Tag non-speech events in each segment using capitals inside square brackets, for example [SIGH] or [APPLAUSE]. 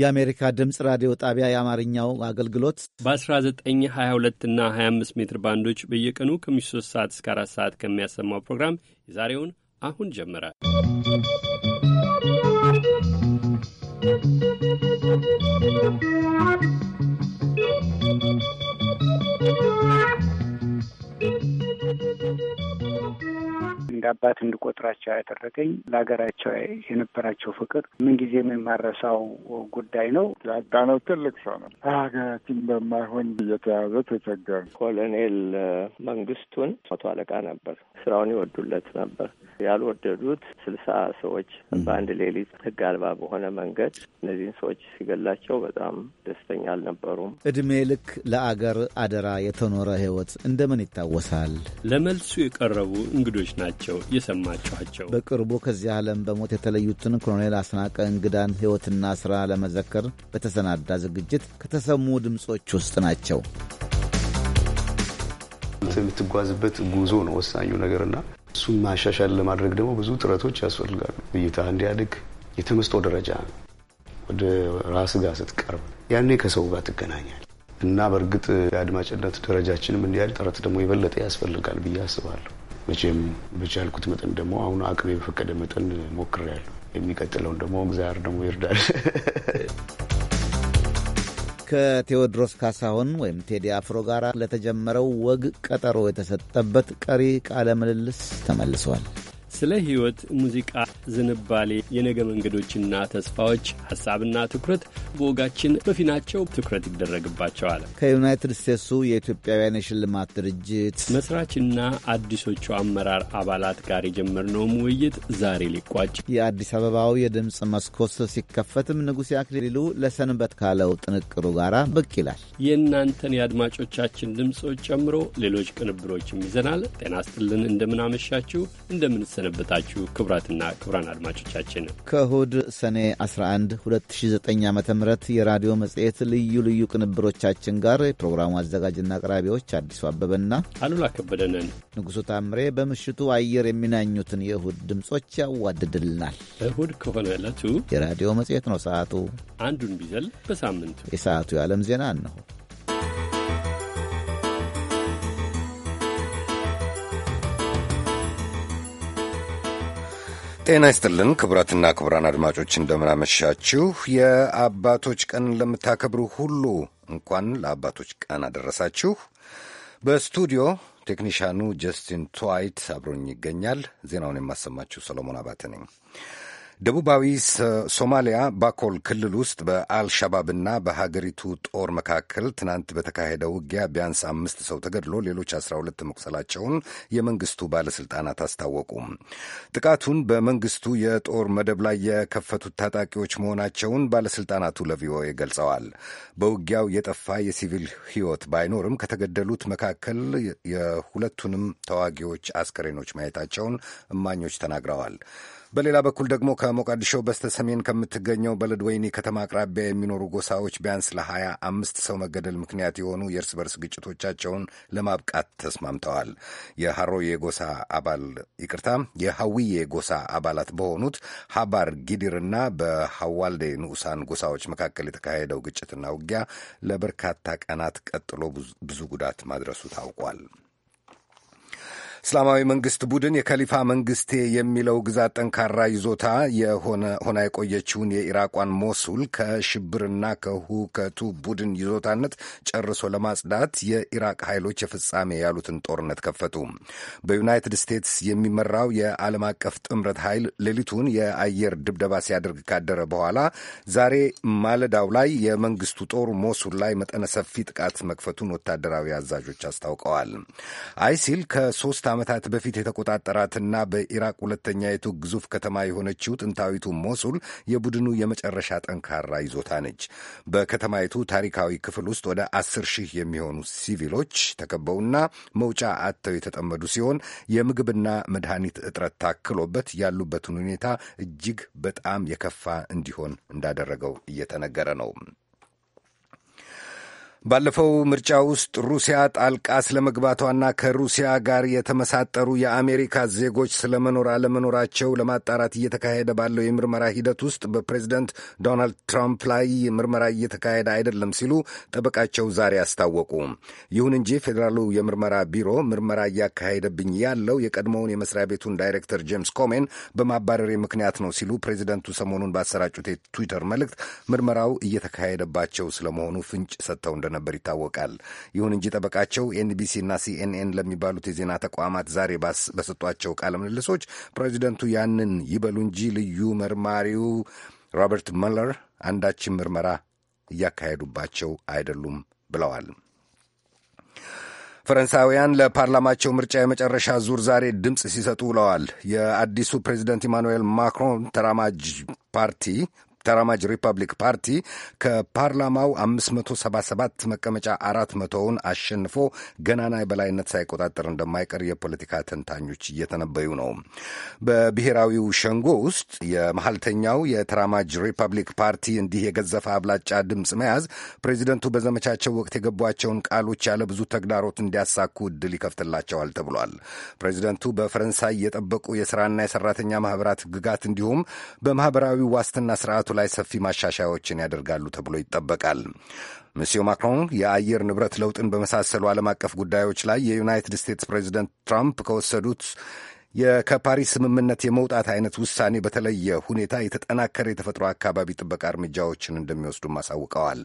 የአሜሪካ ድምፅ ራዲዮ ጣቢያ የአማርኛው አገልግሎት በ1922 እና 25 ሜትር ባንዶች በየቀኑ ከምሽቱ 3 ሰዓት እስከ 4 ሰዓት ከሚያሰማው ፕሮግራም የዛሬውን አሁን ጀመረ። እንደ አባት እንድቆጥራቸው ያደረገኝ ለሀገራቸው የነበራቸው ፍቅር ምንጊዜም የማረሳው ጉዳይ ነው። ያጣነው ትልቅ ሰው ነው። ሀገራችን በማይሆን እየተያዘ ተቸገር። ኮሎኔል መንግስቱን መቶ አለቃ ነበር። ስራውን ይወዱለት ነበር። ያልወደዱት ስልሳ ሰዎች በአንድ ሌሊት ህግ አልባ በሆነ መንገድ እነዚህን ሰዎች ሲገላቸው በጣም ደስተኛ አልነበሩም። እድሜ ልክ ለአገር አደራ የተኖረ ህይወት እንደምን ይታወሳል? ለመልሱ የቀረቡ እንግዶች ናቸው። ናቸው የሰማችኋቸው። በቅርቡ ከዚህ ዓለም በሞት የተለዩትን ኮሎኔል አስናቀ እንግዳን ሕይወትና ሥራ ለመዘከር በተሰናዳ ዝግጅት ከተሰሙ ድምፆች ውስጥ ናቸው። የምትጓዝበት ጉዞ ነው ወሳኙ ነገርና እሱን ማሻሻል ለማድረግ ደግሞ ብዙ ጥረቶች ያስፈልጋሉ። እይታ እንዲያድግ የተመስጦ ደረጃ ወደ ራስ ጋር ስትቀርብ ያኔ ከሰው ጋር ትገናኛል እና በእርግጥ የአድማጭነት ደረጃችንም እንዲያድግ ጥረት ደግሞ የበለጠ ያስፈልጋል ብዬ አስባለሁ። መቼም በቻልኩት መጠን ደግሞ አሁኑ አቅሜ በፈቀደ መጠን ሞክሬያለሁ። የሚቀጥለውን ደግሞ እግዚአብሔር ደግሞ ይርዳል። [LAUGHS] ከቴዎድሮስ ካሳሁን ወይም ቴዲ አፍሮ ጋር ለተጀመረው ወግ ቀጠሮ የተሰጠበት ቀሪ ቃለ ምልልስ ተመልሷል። ስለ ሕይወት ሙዚቃ ዝንባሌ፣ የነገ መንገዶችና ተስፋዎች ሐሳብና ትኩረት በወጋችን በፊናቸው ትኩረት ይደረግባቸዋል። ከዩናይትድ ስቴትሱ የኢትዮጵያውያን የሽልማት ድርጅት መስራችና አዲሶቹ አመራር አባላት ጋር የጀመርነውም ውይይት ዛሬ ሊቋጭ የአዲስ አበባው የድምፅ መስኮት ሲከፈትም ንጉሴ አክሊሉ ለሰንበት ካለው ጥንቅሩ ጋር ብቅ ይላል። የእናንተን የአድማጮቻችን ድምፆች ጨምሮ ሌሎች ቅንብሮችም ይዘናል። ጤና ስጥልን። እንደምናመሻችሁ እንደምንሰነ እንደምንሰነበታችሁ ክቡራትና ክቡራን አድማጮቻችን ከእሁድ ሰኔ 11 2009 ዓ ም የራዲዮ መጽሔት ልዩ ልዩ ቅንብሮቻችን ጋር የፕሮግራሙ አዘጋጅና አቅራቢዎች አዲሱ አበበና አሉላ ከበደነን ንጉሡ ታምሬ በምሽቱ አየር የሚናኙትን የእሁድ ድምፆች ያዋድድልናል። እሁድ ከሆነ ዕለቱ የራዲዮ መጽሔት ነው። ሰዓቱ አንዱን ቢዘል በሳምንቱ የሰዓቱ የዓለም ዜና እነሆ። ጤና ይስጥልን ክቡራትና ክቡራን አድማጮች እንደምናመሻችሁ። የአባቶች ቀን ለምታከብሩ ሁሉ እንኳን ለአባቶች ቀን አደረሳችሁ። በስቱዲዮ ቴክኒሻኑ ጀስቲን ትዋይት አብሮኝ ይገኛል። ዜናውን የማሰማችሁ ሰሎሞን አባተ ነኝ። ደቡባዊ ሶማሊያ ባኮል ክልል ውስጥ በአልሻባብና በሀገሪቱ ጦር መካከል ትናንት በተካሄደ ውጊያ ቢያንስ አምስት ሰው ተገድሎ ሌሎች አስራ ሁለት መቁሰላቸውን የመንግስቱ ባለስልጣናት አስታወቁ። ጥቃቱን በመንግስቱ የጦር መደብ ላይ የከፈቱት ታጣቂዎች መሆናቸውን ባለስልጣናቱ ለቪኦኤ ገልጸዋል። በውጊያው የጠፋ የሲቪል ህይወት ባይኖርም ከተገደሉት መካከል የሁለቱንም ተዋጊዎች አስከሬኖች ማየታቸውን እማኞች ተናግረዋል። በሌላ በኩል ደግሞ ከሞቃዲሾ በስተ ሰሜን ከምትገኘው በለድ ወይኒ ከተማ አቅራቢያ የሚኖሩ ጎሳዎች ቢያንስ ለሀያ አምስት ሰው መገደል ምክንያት የሆኑ የእርስ በርስ ግጭቶቻቸውን ለማብቃት ተስማምተዋል። የሀሮዬ የጎሳ አባል ይቅርታ፣ የሀዊ የጎሳ አባላት በሆኑት ሀባር ጊዲርና በሐዋልዴ ንዑሳን ጎሳዎች መካከል የተካሄደው ግጭትና ውጊያ ለበርካታ ቀናት ቀጥሎ ብዙ ጉዳት ማድረሱ ታውቋል። እስላማዊ መንግስት ቡድን የከሊፋ መንግስቴ የሚለው ግዛት ጠንካራ ይዞታ የሆነ ሆና የቆየችውን የኢራቋን ሞሱል ከሽብርና ከሁከቱ ቡድን ይዞታነት ጨርሶ ለማጽዳት የኢራቅ ኃይሎች የፍጻሜ ያሉትን ጦርነት ከፈቱ። በዩናይትድ ስቴትስ የሚመራው የዓለም አቀፍ ጥምረት ኃይል ሌሊቱን የአየር ድብደባ ሲያደርግ ካደረ በኋላ ዛሬ ማለዳው ላይ የመንግስቱ ጦር ሞሱል ላይ መጠነ ሰፊ ጥቃት መክፈቱን ወታደራዊ አዛዦች አስታውቀዋል። አይሲል ከሶስት ዓመታት በፊት የተቆጣጠራትና በኢራቅ ሁለተኛይቱ ግዙፍ ከተማ የሆነችው ጥንታዊቱ ሞሱል የቡድኑ የመጨረሻ ጠንካራ ይዞታ ነች። በከተማይቱ ታሪካዊ ክፍል ውስጥ ወደ አስር ሺህ የሚሆኑ ሲቪሎች ተከበውና መውጫ አጥተው የተጠመዱ ሲሆን የምግብና መድኃኒት እጥረት ታክሎበት ያሉበትን ሁኔታ እጅግ በጣም የከፋ እንዲሆን እንዳደረገው እየተነገረ ነው። ባለፈው ምርጫ ውስጥ ሩሲያ ጣልቃ ስለመግባቷና ከሩሲያ ጋር የተመሳጠሩ የአሜሪካ ዜጎች ስለመኖር አለመኖራቸው ለማጣራት እየተካሄደ ባለው የምርመራ ሂደት ውስጥ በፕሬዚደንት ዶናልድ ትራምፕ ላይ ምርመራ እየተካሄደ አይደለም ሲሉ ጠበቃቸው ዛሬ አስታወቁ። ይሁን እንጂ ፌዴራሉ የምርመራ ቢሮ ምርመራ እያካሄደብኝ ያለው የቀድሞውን የመስሪያ ቤቱን ዳይሬክተር ጄምስ ኮሜን በማባረሬ ምክንያት ነው ሲሉ ፕሬዚደንቱ ሰሞኑን ባሰራጩት የትዊተር መልእክት ምርመራው እየተካሄደባቸው ስለመሆኑ ፍንጭ ሰጥተው እንደነበር ይታወቃል። ይሁን እንጂ ጠበቃቸው ኤንቢሲና ሲኤንኤን ለሚባሉት የዜና ተቋማት ዛሬ በሰጧቸው ቃለ ምልልሶች ፕሬዚደንቱ ያንን ይበሉ እንጂ ልዩ መርማሪው ሮበርት መለር አንዳችን ምርመራ እያካሄዱባቸው አይደሉም ብለዋል። ፈረንሳውያን ለፓርላማቸው ምርጫ የመጨረሻ ዙር ዛሬ ድምፅ ሲሰጡ ውለዋል። የአዲሱ ፕሬዚደንት ኢማኑኤል ማክሮን ተራማጅ ፓርቲ ተራማጅ ሪፐብሊክ ፓርቲ ከፓርላማው 577 መቀመጫ አራት መቶውን አሸንፎ ገናና የበላይነት ሳይቆጣጠር እንደማይቀር የፖለቲካ ተንታኞች እየተነበዩ ነው። በብሔራዊው ሸንጎ ውስጥ የመሀልተኛው የተራማጅ ሪፐብሊክ ፓርቲ እንዲህ የገዘፈ አብላጫ ድምፅ መያዝ ፕሬዚደንቱ በዘመቻቸው ወቅት የገቧቸውን ቃሎች ያለ ብዙ ተግዳሮት እንዲያሳኩ እድል ይከፍትላቸዋል ተብሏል። ፕሬዚደንቱ በፈረንሳይ የጠበቁ የስራና የሰራተኛ ማህበራት ህግጋት እንዲሁም በማህበራዊ ዋስትና ስርዓቱ ላይ ሰፊ ማሻሻያዎችን ያደርጋሉ ተብሎ ይጠበቃል። ሚስዮ ማክሮን የአየር ንብረት ለውጥን በመሳሰሉ ዓለም አቀፍ ጉዳዮች ላይ የዩናይትድ ስቴትስ ፕሬዚደንት ትራምፕ ከወሰዱት ከፓሪስ ስምምነት የመውጣት አይነት ውሳኔ በተለየ ሁኔታ የተጠናከረ የተፈጥሮ አካባቢ ጥበቃ እርምጃዎችን እንደሚወስዱም አሳውቀዋል።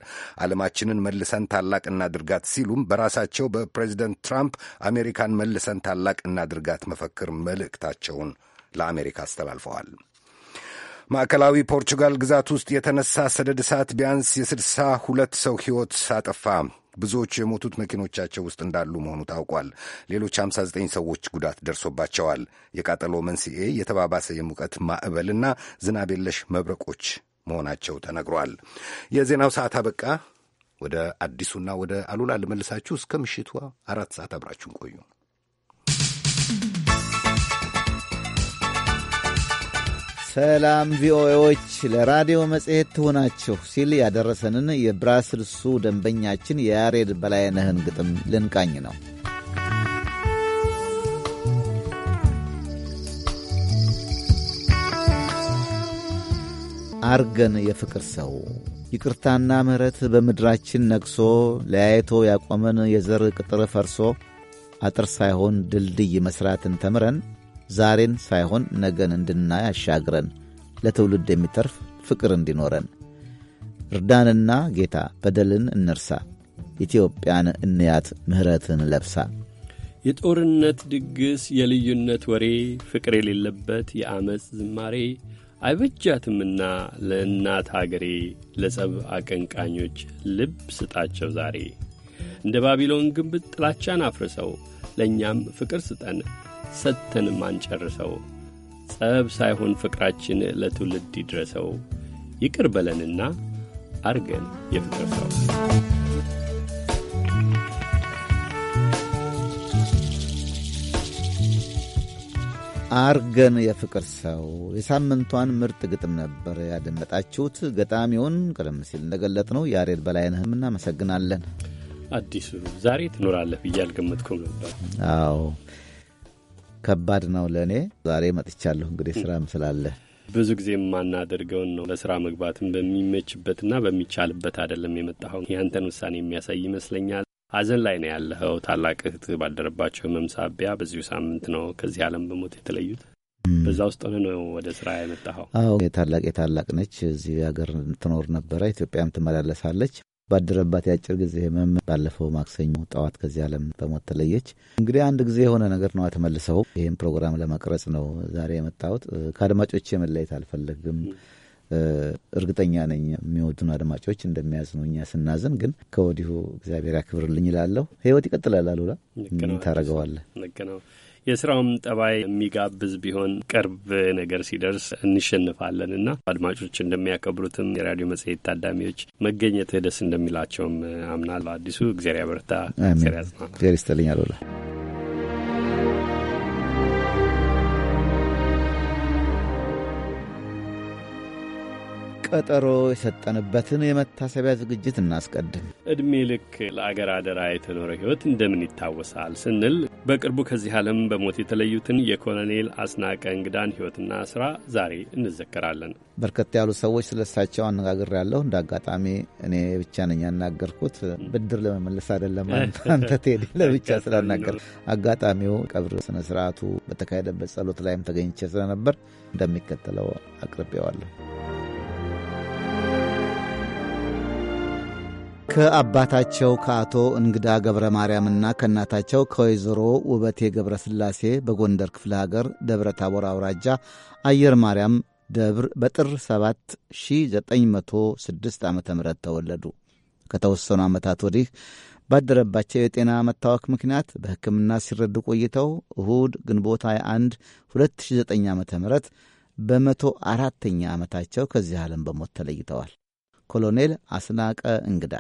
ዓለማችንን መልሰን ታላቅ እናድርጋት ሲሉም በራሳቸው በፕሬዚደንት ትራምፕ አሜሪካን መልሰን ታላቅ እናድርጋት መፈክር መልእክታቸውን ለአሜሪካ አስተላልፈዋል። ማዕከላዊ ፖርቹጋል ግዛት ውስጥ የተነሳ ሰደድ እሳት ቢያንስ የስድሳ ሁለት ሰው ሕይወት አጠፋ። ብዙዎቹ የሞቱት መኪኖቻቸው ውስጥ እንዳሉ መሆኑ ታውቋል። ሌሎች 59 ሰዎች ጉዳት ደርሶባቸዋል። የቃጠሎ መንስኤ የተባባሰ የሙቀት ማዕበልና ዝናብ የለሽ መብረቆች መሆናቸው ተነግሯል። የዜናው ሰዓት አበቃ። ወደ አዲሱና ወደ አሉላ ልመልሳችሁ። እስከ ምሽቱ አራት ሰዓት አብራችሁን ቆዩ። ሰላም ቪኦኤዎች ለራዲዮ መጽሔት ትሆናችሁ ሲል ያደረሰንን የብራስልሱ ደንበኛችን የያሬድ በላይነህን ግጥም ልንቃኝ ነው። አርገን የፍቅር ሰው ይቅርታና ምሕረት በምድራችን ነግሶ ለያይቶ ያቆመን የዘር ቅጥር ፈርሶ አጥር ሳይሆን ድልድይ መሥራትን ተምረን ዛሬን ሳይሆን ነገን እንድናይ አሻግረን ለትውልድ የሚተርፍ ፍቅር እንዲኖረን እርዳንና ጌታ በደልን እንርሳ፣ ኢትዮጵያን እንያት፣ ምሕረትን ለብሳ። የጦርነት ድግስ፣ የልዩነት ወሬ፣ ፍቅር የሌለበት የአመፅ ዝማሬ አይበጃትምና ለእናት አገሬ ለጸብ አቀንቃኞች ልብ ስጣቸው ዛሬ። እንደ ባቢሎን ግንብ ጥላቻን አፍርሰው ለእኛም ፍቅር ስጠን ሰጥተንም አንጨርሰው። ጸብ ሳይሆን ፍቅራችን ለትውልድ ይድረሰው። ይቅር በለንና አርገን የፍቅር ሰው አርገን የፍቅር ሰው የሳምንቷን ምርጥ ግጥም ነበር ያደመጣችሁት። ገጣሚውን ቀደም ሲል ነው ያሬድ በላይነህም እናመሰግናለን። አዲሱ ዛሬ ትኖራለህ ብዬ አልገመትኩም ነበር። አዎ ከባድ ነው ለእኔ። ዛሬ መጥቻለሁ እንግዲህ ስራም ስላለ ብዙ ጊዜ የማናደርገውን ነው። ለስራ መግባትም በሚመችበትና በሚቻልበት አይደለም የመጣኸው። ያንተን ውሳኔ የሚያሳይ ይመስለኛል። ሐዘን ላይ ነው ያለኸው። ታላቅ እህት ባደረባቸው ህመም ሳቢያ በዚሁ ሳምንት ነው ከዚህ ዓለም በሞት የተለዩት። በዛ ውስጥ ሆነ ነው ወደ ስራ የመጣኸው? አዎ፣ የታላቅ የታላቅ ነች። እዚህ ሀገር ትኖር ነበረ። ኢትዮጵያም ትመላለሳለች። ባደረባት የአጭር ጊዜ ህመም ባለፈው ማክሰኞ ጠዋት ከዚህ ዓለም በሞት ተለየች። እንግዲህ አንድ ጊዜ የሆነ ነገር ነው ተመልሰው ይህም ፕሮግራም ለመቅረጽ ነው ዛሬ የመጣሁት። ከአድማጮች የመለየት አልፈለግም። እርግጠኛ ነኝ የሚወዱን አድማጮች እንደሚያዝኑ እኛ ስናዝን፣ ግን ከወዲሁ እግዚአብሔር ያክብርልኝ ይላለሁ። ህይወት ይቀጥላል። አሉላ ታረገዋለህ። የስራውም ጠባይ የሚጋብዝ ቢሆን ቅርብ ነገር ሲደርስ እንሸንፋለን እና አድማጮች እንደሚያከብሩትም የራዲዮ መጽሔት ታዳሚዎች መገኘትህ ደስ እንደሚላቸውም አምናል። በአዲሱ እግዚአብሔር ያበርታ፣ እግዚአብሔር ያጽናል። ቀጠሮ የሰጠንበትን የመታሰቢያ ዝግጅት እናስቀድም። ዕድሜ ልክ ለአገር አደራ የተኖረ ሕይወት እንደምን ይታወሳል ስንል በቅርቡ ከዚህ ዓለም በሞት የተለዩትን የኮሎኔል አስናቀ እንግዳን ሕይወትና ሥራ ዛሬ እንዘከራለን። በርከት ያሉ ሰዎች ስለሳቸው ያለሁ እንደ አጋጣሚ እኔ ብቻ ነኝ ያናገርኩት። ብድር ለመመለስ አይደለም፣ አንተ [LAUGHS] ቴዲ ለብቻ ስላናገር አጋጣሚው ቀብር ስነ ስርዓቱ በተካሄደበት ጸሎት ላይም ተገኝቼ ስለነበር እንደሚከተለው አቅርቤዋለሁ። ከአባታቸው ከአቶ እንግዳ ገብረ ማርያምና ከእናታቸው ከወይዘሮ ውበቴ ገብረ ስላሴ በጎንደር ክፍለ ሀገር ደብረ ታቦር አውራጃ አየር ማርያም ደብር በጥር 7 1906 ዓ ም ተወለዱ። ከተወሰኑ ዓመታት ወዲህ ባደረባቸው የጤና መታወክ ምክንያት በሕክምና ሲረዱ ቆይተው እሁድ ግንቦት 21 2009 ዓ ም በመቶ አራተኛ ዓመታቸው ከዚህ ዓለም በሞት ተለይተዋል። ኮሎኔል አስናቀ እንግዳ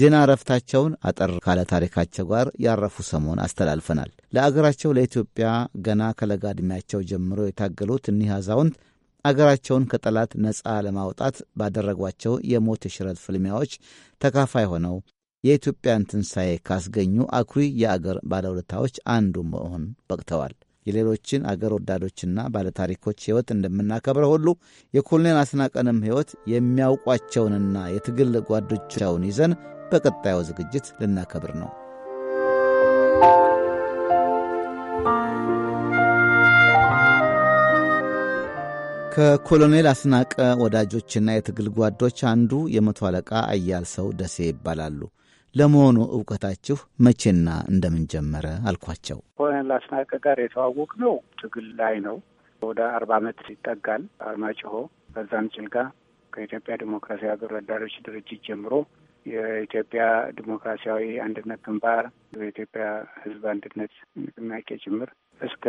ዜና እረፍታቸውን አጠር ካለ ታሪካቸው ጋር ያረፉ ሰሞን አስተላልፈናል። ለአገራቸው ለኢትዮጵያ ገና ከለጋ ዕድሜያቸው ጀምሮ የታገሉት እኒህ አዛውንት አገራቸውን ከጠላት ነፃ ለማውጣት ባደረጓቸው የሞት የሽረት ፍልሚያዎች ተካፋይ ሆነው የኢትዮጵያን ትንሣኤ ካስገኙ አኩሪ የአገር ባለውለታዎች አንዱ መሆን በቅተዋል። የሌሎችን አገር ወዳዶችና ባለታሪኮች ሕይወት እንደምናከብረው ሁሉ የኮሎኔል አስናቀንም ሕይወት የሚያውቋቸውንና የትግል ጓዶቻውን ይዘን በቀጣዩ ዝግጅት ልናከብር ነው። ከኮሎኔል አስናቀ ወዳጆችና የትግል ጓዶች አንዱ የመቶ አለቃ አያልሰው ደሴ ይባላሉ። ለመሆኑ እውቀታችሁ መቼና እንደምን ጀመረ አልኳቸው። ኮሎኔል አስናቀ ጋር የተዋወቅ ነው ትግል ላይ ነው። ወደ አርባ ዓመት ይጠጋል። አርማጭሆ፣ በዛም ጭልጋ ከኢትዮጵያ ዲሞክራሲያዊ ሀገር ወዳዶች ድርጅት ጀምሮ የኢትዮጵያ ዲሞክራሲያዊ አንድነት ግንባር፣ የኢትዮጵያ ሕዝብ አንድነት ንቅናቄ ጭምር እስከ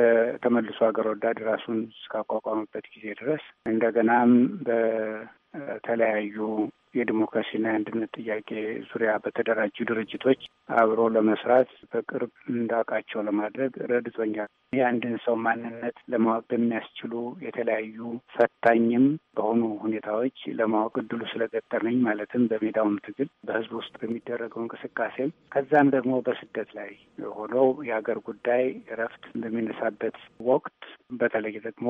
ተመልሶ ሀገር ወዳድ ራሱን እስካቋቋመበት ጊዜ ድረስ እንደገናም በተለያዩ የዲሞክራሲና የአንድነት ጥያቄ ዙሪያ በተደራጁ ድርጅቶች አብሮ ለመስራት በቅርብ እንዳውቃቸው ለማድረግ ረድቶኛል። የአንድን ሰው ማንነት ለማወቅ በሚያስችሉ የተለያዩ ፈታኝም በሆኑ ሁኔታዎች ለማወቅ እድሉ ስለገጠመኝ ማለትም በሜዳውም ትግል፣ በህዝብ ውስጥ በሚደረገው እንቅስቃሴም ከዛም ደግሞ በስደት ላይ ሆነው የሀገር ጉዳይ እረፍት በሚነሳበት ወቅት በተለይ ደግሞ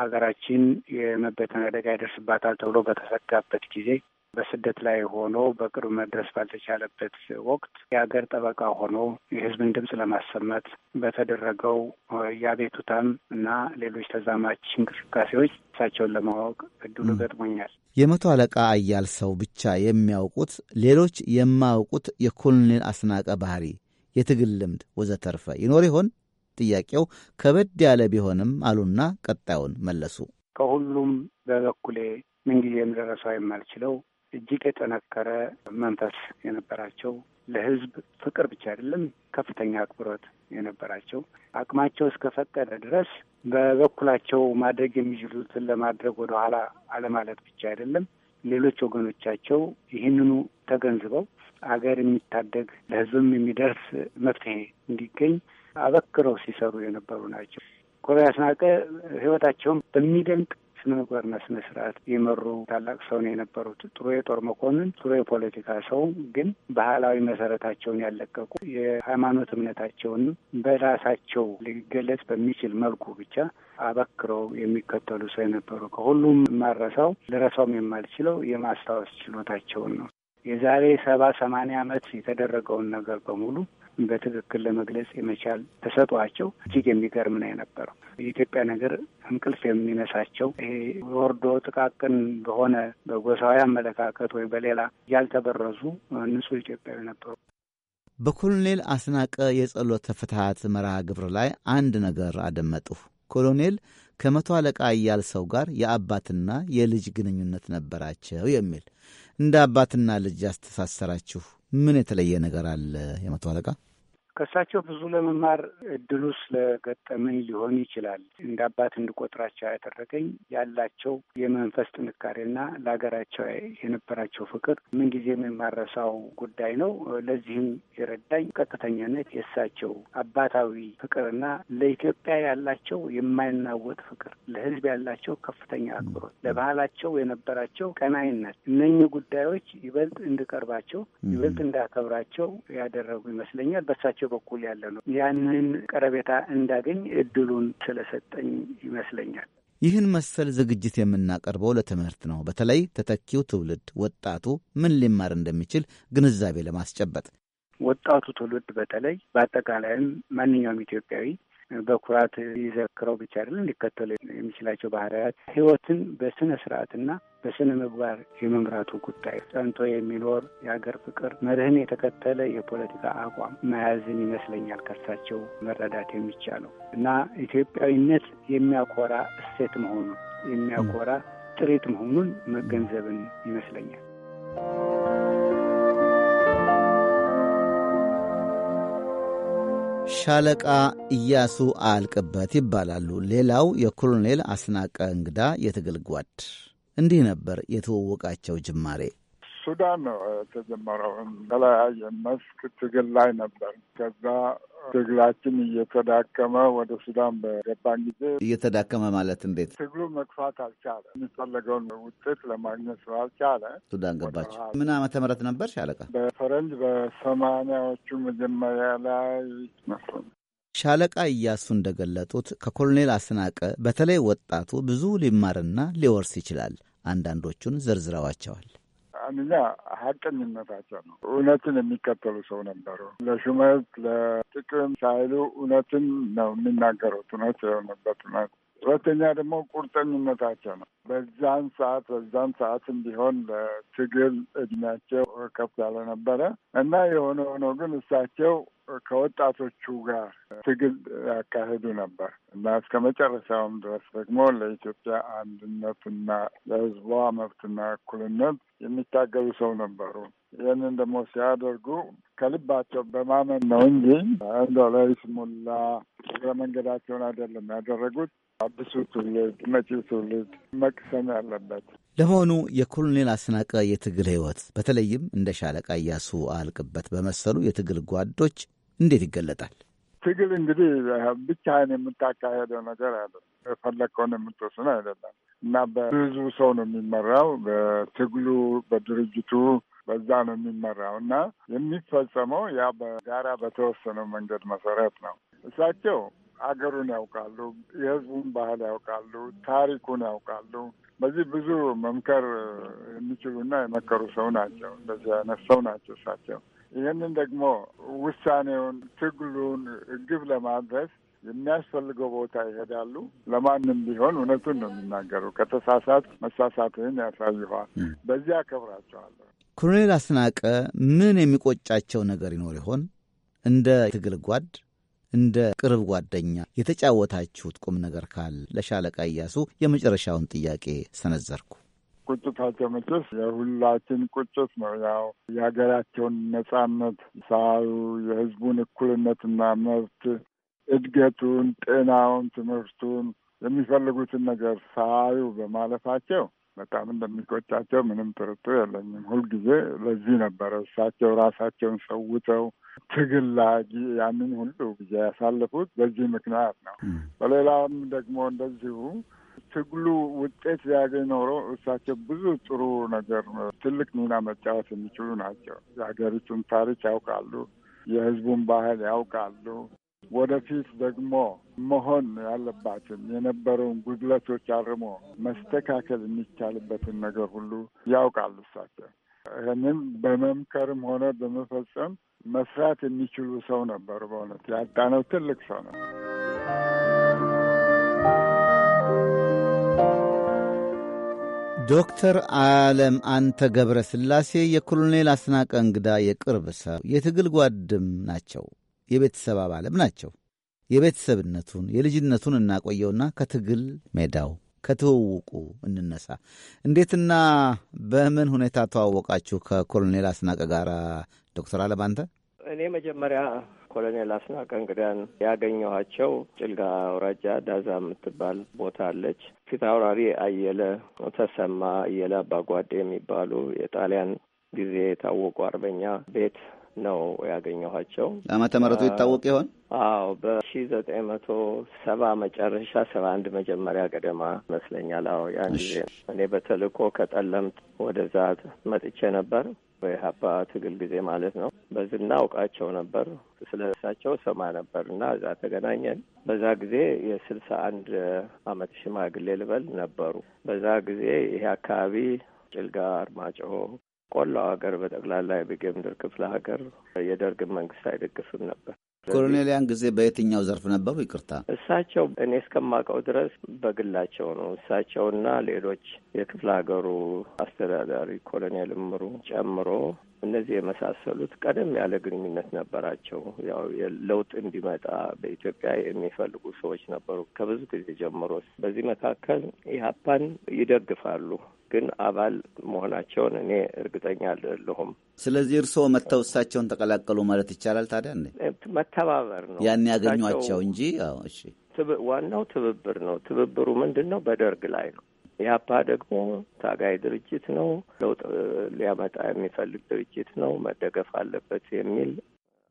ሀገራችን የመበተን አደጋ ይደርስባታል ተብሎ በተሰጋበት ጊዜ በስደት ላይ ሆኖ በቅርብ መድረስ ባልተቻለበት ወቅት የሀገር ጠበቃ ሆኖ የሕዝብን ድምፅ ለማሰማት በተደረገው የአቤቱታም እና ሌሎች ተዛማች እንቅስቃሴዎች እሳቸውን ለማወቅ እድሉ ገጥሞኛል። የመቶ አለቃ አያል ሰው ብቻ የሚያውቁት ሌሎች የማያውቁት የኮሎኔል አስናቀ ባህሪ፣ የትግል ልምድ ወዘተርፈ ይኖር ይሆን? ጥያቄው ከበድ ያለ ቢሆንም አሉና ቀጣዩን መለሱ። ከሁሉም በበኩሌ ምንጊዜም ልረሳው የማልችለው እጅግ የጠነከረ መንፈስ የነበራቸው ለህዝብ ፍቅር ብቻ አይደለም ከፍተኛ አክብሮት የነበራቸው አቅማቸው እስከፈቀደ ድረስ በበኩላቸው ማድረግ የሚችሉትን ለማድረግ ወደኋላ አለማለት ብቻ አይደለም ሌሎች ወገኖቻቸው ይህንኑ ተገንዝበው አገር የሚታደግ ለህዝብም የሚደርስ መፍትሄ እንዲገኝ አበክረው ሲሰሩ የነበሩ ናቸው። ኮሎኔል አስናቀ ህይወታቸውን በሚደንቅ ስነ ምግባርና ስነ ስርዓት የመሩ ታላቅ ሰው ነው የነበሩት። ጥሩ የጦር መኮንን፣ ጥሩ የፖለቲካ ሰው፣ ግን ባህላዊ መሰረታቸውን ያለቀቁ የሃይማኖት እምነታቸውን በራሳቸው ሊገለጽ በሚችል መልኩ ብቻ አበክረው የሚከተሉ ሰው የነበሩ ከሁሉም ማረሳው ልረሳውም የማልችለው የማስታወስ ችሎታቸውን ነው። የዛሬ ሰባ ሰማንያ ዓመት የተደረገውን ነገር በሙሉ በትክክል ለመግለጽ የመቻል ተሰጧቸው እጅግ የሚገርም ነው የነበረው። የኢትዮጵያ ነገር እንቅልፍ የሚነሳቸው ይሄ ወርዶ ጥቃቅን በሆነ በጎሳዊ አመለካከት ወይ በሌላ ያልተበረዙ ንጹህ ኢትዮጵያዊ ነበሩ። በኮሎኔል አስናቀ የጸሎተ ፍትሐት መርሃ ግብር ላይ አንድ ነገር አደመጥሁ። ኮሎኔል ከመቶ አለቃ እያል ሰው ጋር የአባትና የልጅ ግንኙነት ነበራቸው የሚል እንደ አባትና ልጅ ያስተሳሰራችሁ ምን የተለየ ነገር አለ የመቶ አለቃ? ከእሳቸው ብዙ ለመማር እድሉ ስለገጠመኝ ሊሆን ይችላል እንደ አባት እንድቆጥራቸው ያደረገኝ ያላቸው የመንፈስ ጥንካሬና ለሀገራቸው የነበራቸው ፍቅር ምንጊዜም የማረሳው ጉዳይ ነው። ለዚህም የረዳኝ ቀጥተኛነት የእሳቸው አባታዊ ፍቅርና ለኢትዮጵያ ያላቸው የማይናወጥ ፍቅር፣ ለሕዝብ ያላቸው ከፍተኛ አክብሮት፣ ለባህላቸው የነበራቸው ቀናይነት፣ እነኚህ ጉዳዮች ይበልጥ እንድቀርባቸው ይበልጥ እንዳከብራቸው ያደረጉ ይመስለኛል በሳቸው በእሳቸው በኩል ያለ ነው። ያንን ቀረቤታ እንዳገኝ እድሉን ስለሰጠኝ ይመስለኛል። ይህን መሰል ዝግጅት የምናቀርበው ለትምህርት ነው። በተለይ ተተኪው ትውልድ ወጣቱ ምን ሊማር እንደሚችል ግንዛቤ ለማስጨበጥ ወጣቱ ትውልድ በተለይ በአጠቃላይም ማንኛውም ኢትዮጵያዊ በኩራት ሊዘክረው ብቻ አይደለም ሊከተሉ የሚችላቸው ባህሪያት ህይወትን በስነ ስርዓትና በስነ ምግባር የመምራቱ ጉዳይ ጸንቶ የሚኖር የሀገር ፍቅር መርህን የተከተለ የፖለቲካ አቋም መያዝን ይመስለኛል ከርሳቸው መረዳት የሚቻለው እና ኢትዮጵያዊነት የሚያኮራ እሴት መሆኑን የሚያኮራ ጥሪት መሆኑን መገንዘብን ይመስለኛል። ሻለቃ እያሱ አልቅበት ይባላሉ። ሌላው የኮሎኔል አስናቀ እንግዳ የትግል ጓድ። እንዲህ ነበር የተወወቃቸው ጅማሬ። ሱዳን ነው የተጀመረው። በተለያየ መስክ ትግል ላይ ነበር። ከዛ ትግላችን እየተዳከመ ወደ ሱዳን በገባን ጊዜ እየተዳከመ ማለት እንዴት ትግሉ መግፋት አልቻለ። የሚፈለገውን ውጤት ለማግኘት ስላልቻለ ሱዳን ገባች። ምን ዓመተ ምህረት ነበር ሻለቃ? በፈረንጅ በሰማንያዎቹ መጀመሪያ ላይ ይመስለኛል። ሻለቃ እያሱ እንደገለጡት ከኮሎኔል አስናቀ በተለይ ወጣቱ ብዙ ሊማርና ሊወርስ ይችላል። አንዳንዶቹን ዘርዝረዋቸዋል። አንደኛ ሀቀኝነታቸው ነው። እውነትን የሚከተሉ ሰው ነበሩ። ለሹመት ለጥቅም ሳይሉ እውነትን ነው የሚናገሩት። እውነት የሆነበት እውነት ሁለተኛ ደግሞ ቁርጠኝነታቸው ነው። በዛን ሰዓት በዛን ሰዓትም ቢሆን ለትግል እድሜያቸው ከፍ ያለ ነበረ እና የሆነ ሆኖ ግን እሳቸው ከወጣቶቹ ጋር ትግል ያካሄዱ ነበር እና እስከ መጨረሻውም ድረስ ደግሞ ለኢትዮጵያ አንድነትና ለሕዝቧ መብትና እኩልነት የሚታገሉ ሰው ነበሩ። ይህንን ደግሞ ሲያደርጉ ከልባቸው በማመን ነው እንጂ እንደ ለይስሙላ እግረ መንገዳቸውን አይደለም ያደረጉት። አዲሱ ትውልድ መጪው ትውልድ መቅሰም ያለበት ለመሆኑ የኮሎኔል አስናቀ የትግል ህይወት በተለይም እንደ ሻለቃ እያሱ አልቅበት በመሰሉ የትግል ጓዶች እንዴት ይገለጣል? ትግል እንግዲህ ብቻህን የምታካሄደው ነገር አለ የፈለግከውን የምትወስን አይደለም እና በህዝቡ ሰው ነው የሚመራው። በትግሉ በድርጅቱ በዛ ነው የሚመራው እና የሚፈጸመው ያ በጋራ በተወሰነው መንገድ መሰረት ነው። እሳቸው አገሩን ያውቃሉ፣ የህዝቡን ባህል ያውቃሉ፣ ታሪኩን ያውቃሉ። በዚህ ብዙ መምከር የሚችሉና የመከሩ ሰው ናቸው። እንደዚህ አይነት ሰው ናቸው እሳቸው ይህንን ደግሞ ውሳኔውን፣ ትግሉን ግብ ለማድረስ የሚያስፈልገው ቦታ ይሄዳሉ። ለማንም ቢሆን እውነቱን ነው የሚናገረው። ከተሳሳት መሳሳትህን ያሳይኋል። በዚህ አከብራቸዋለሁ። ኮሎኔል አስናቀ ምን የሚቆጫቸው ነገር ይኖር ይሆን? እንደ ትግል ጓድ፣ እንደ ቅርብ ጓደኛ የተጫወታችሁት ቁም ነገር ካለ ለሻለቃ እያሱ የመጨረሻውን ጥያቄ ሰነዘርኩ። ቁጭት አቸው መቼስ የሁላችን ቁጭት ነው። ያው የሀገራቸውን ነጻነት ሳዩ የህዝቡን እኩልነትና መብት እድገቱን፣ ጤናውን፣ ትምህርቱን የሚፈልጉትን ነገር ሳዩ በማለፋቸው በጣም እንደሚቆጫቸው ምንም ጥርጥር የለኝም። ሁልጊዜ ለዚህ ነበረ እሳቸው ራሳቸውን ሰውተው ትግል ላይ ያንን ሁሉ ጊዜ ያሳለፉት በዚህ ምክንያት ነው። በሌላም ደግሞ እንደዚሁ ትግሉ ውጤት ያገኝ ኖሮ እሳቸው ብዙ ጥሩ ነገር ትልቅ ሚና መጫወት የሚችሉ ናቸው። የሀገሪቱን ታሪክ ያውቃሉ፣ የህዝቡን ባህል ያውቃሉ። ወደፊት ደግሞ መሆን ያለባትን የነበረውን ጉድለቶች አርሞ መስተካከል የሚቻልበትን ነገር ሁሉ ያውቃሉ እሳቸው። ይህንን በመምከርም ሆነ በመፈጸም መስራት የሚችሉ ሰው ነበሩ። በእውነት ያጣነው ትልቅ ሰው ነው። ዶክተር ዓለም አንተ ገብረ ስላሴ የኮሎኔል አስናቀ እንግዳ የቅርብ ሰው የትግል ጓድም ናቸው። የቤተሰብ አባልም ናቸው። የቤተሰብነቱን የልጅነቱን እናቆየውና ከትግል ሜዳው ከትውውቁ እንነሳ። እንዴትና በምን ሁኔታ ተዋወቃችሁ ከኮሎኔል አስናቀ ጋር ዶክተር አለም አንተ? እኔ መጀመሪያ ኮሎኔል አስናቀ እንግዳን ያገኘኋቸው ጭልጋ አውራጃ ዳዛ የምትባል ቦታ አለች። ፊት አውራሪ አየለ ተሰማ አየለ አባጓዴ የሚባሉ የጣሊያን ጊዜ የታወቁ አርበኛ ቤት ነው ያገኘኋቸው። ዓመተ ምሕረቱ ይታወቅ ይሆን? አዎ በሺ ዘጠኝ መቶ ሰባ መጨረሻ ሰባ አንድ መጀመሪያ ገደማ ይመስለኛል። አዎ ያን ጊዜ እኔ በተልእኮ ከጠለምት ወደዛ መጥቼ ነበር። በኢህአፓ ትግል ጊዜ ማለት ነው። በዝና አውቃቸው ነበር፣ ስለ እሳቸው ሰማ ነበር እና እዛ ተገናኘን። በዛ ጊዜ የስልሳ አንድ አመት ሽማግሌ ልበል ነበሩ። በዛ ጊዜ ይሄ አካባቢ ጭልጋ፣ አርማጭሆ፣ ቆላው ሀገር በጠቅላላ የብጌምድር ክፍለ ሀገር የደርግን መንግስት አይደግፍም ነበር። ኮሎኔል ያን ጊዜ በየትኛው ዘርፍ ነበሩ? ይቅርታ። እሳቸው እኔ እስከማውቀው ድረስ በግላቸው ነው። እሳቸውና ሌሎች የክፍለ ሀገሩ አስተዳዳሪ ኮሎኔል ምሩ ጨምሮ እነዚህ የመሳሰሉት ቀደም ያለ ግንኙነት ነበራቸው። ያው ለውጥ እንዲመጣ በኢትዮጵያ የሚፈልጉ ሰዎች ነበሩ ከብዙ ጊዜ ጀምሮ። በዚህ መካከል ኢህአፓን ይደግፋሉ። ግን አባል መሆናቸውን እኔ እርግጠኛ አይደለሁም። ስለዚህ እርስዎ መጥተው እሳቸውን ተቀላቀሉ ማለት ይቻላል። ታዲያ መተባበር ነው ያን ያገኟቸው እንጂ። ዋናው ትብብር ነው። ትብብሩ ምንድን ነው? በደርግ ላይ ነው። ኢህአፓ ደግሞ ታጋይ ድርጅት ነው። ለውጥ ሊያመጣ የሚፈልግ ድርጅት ነው። መደገፍ አለበት የሚል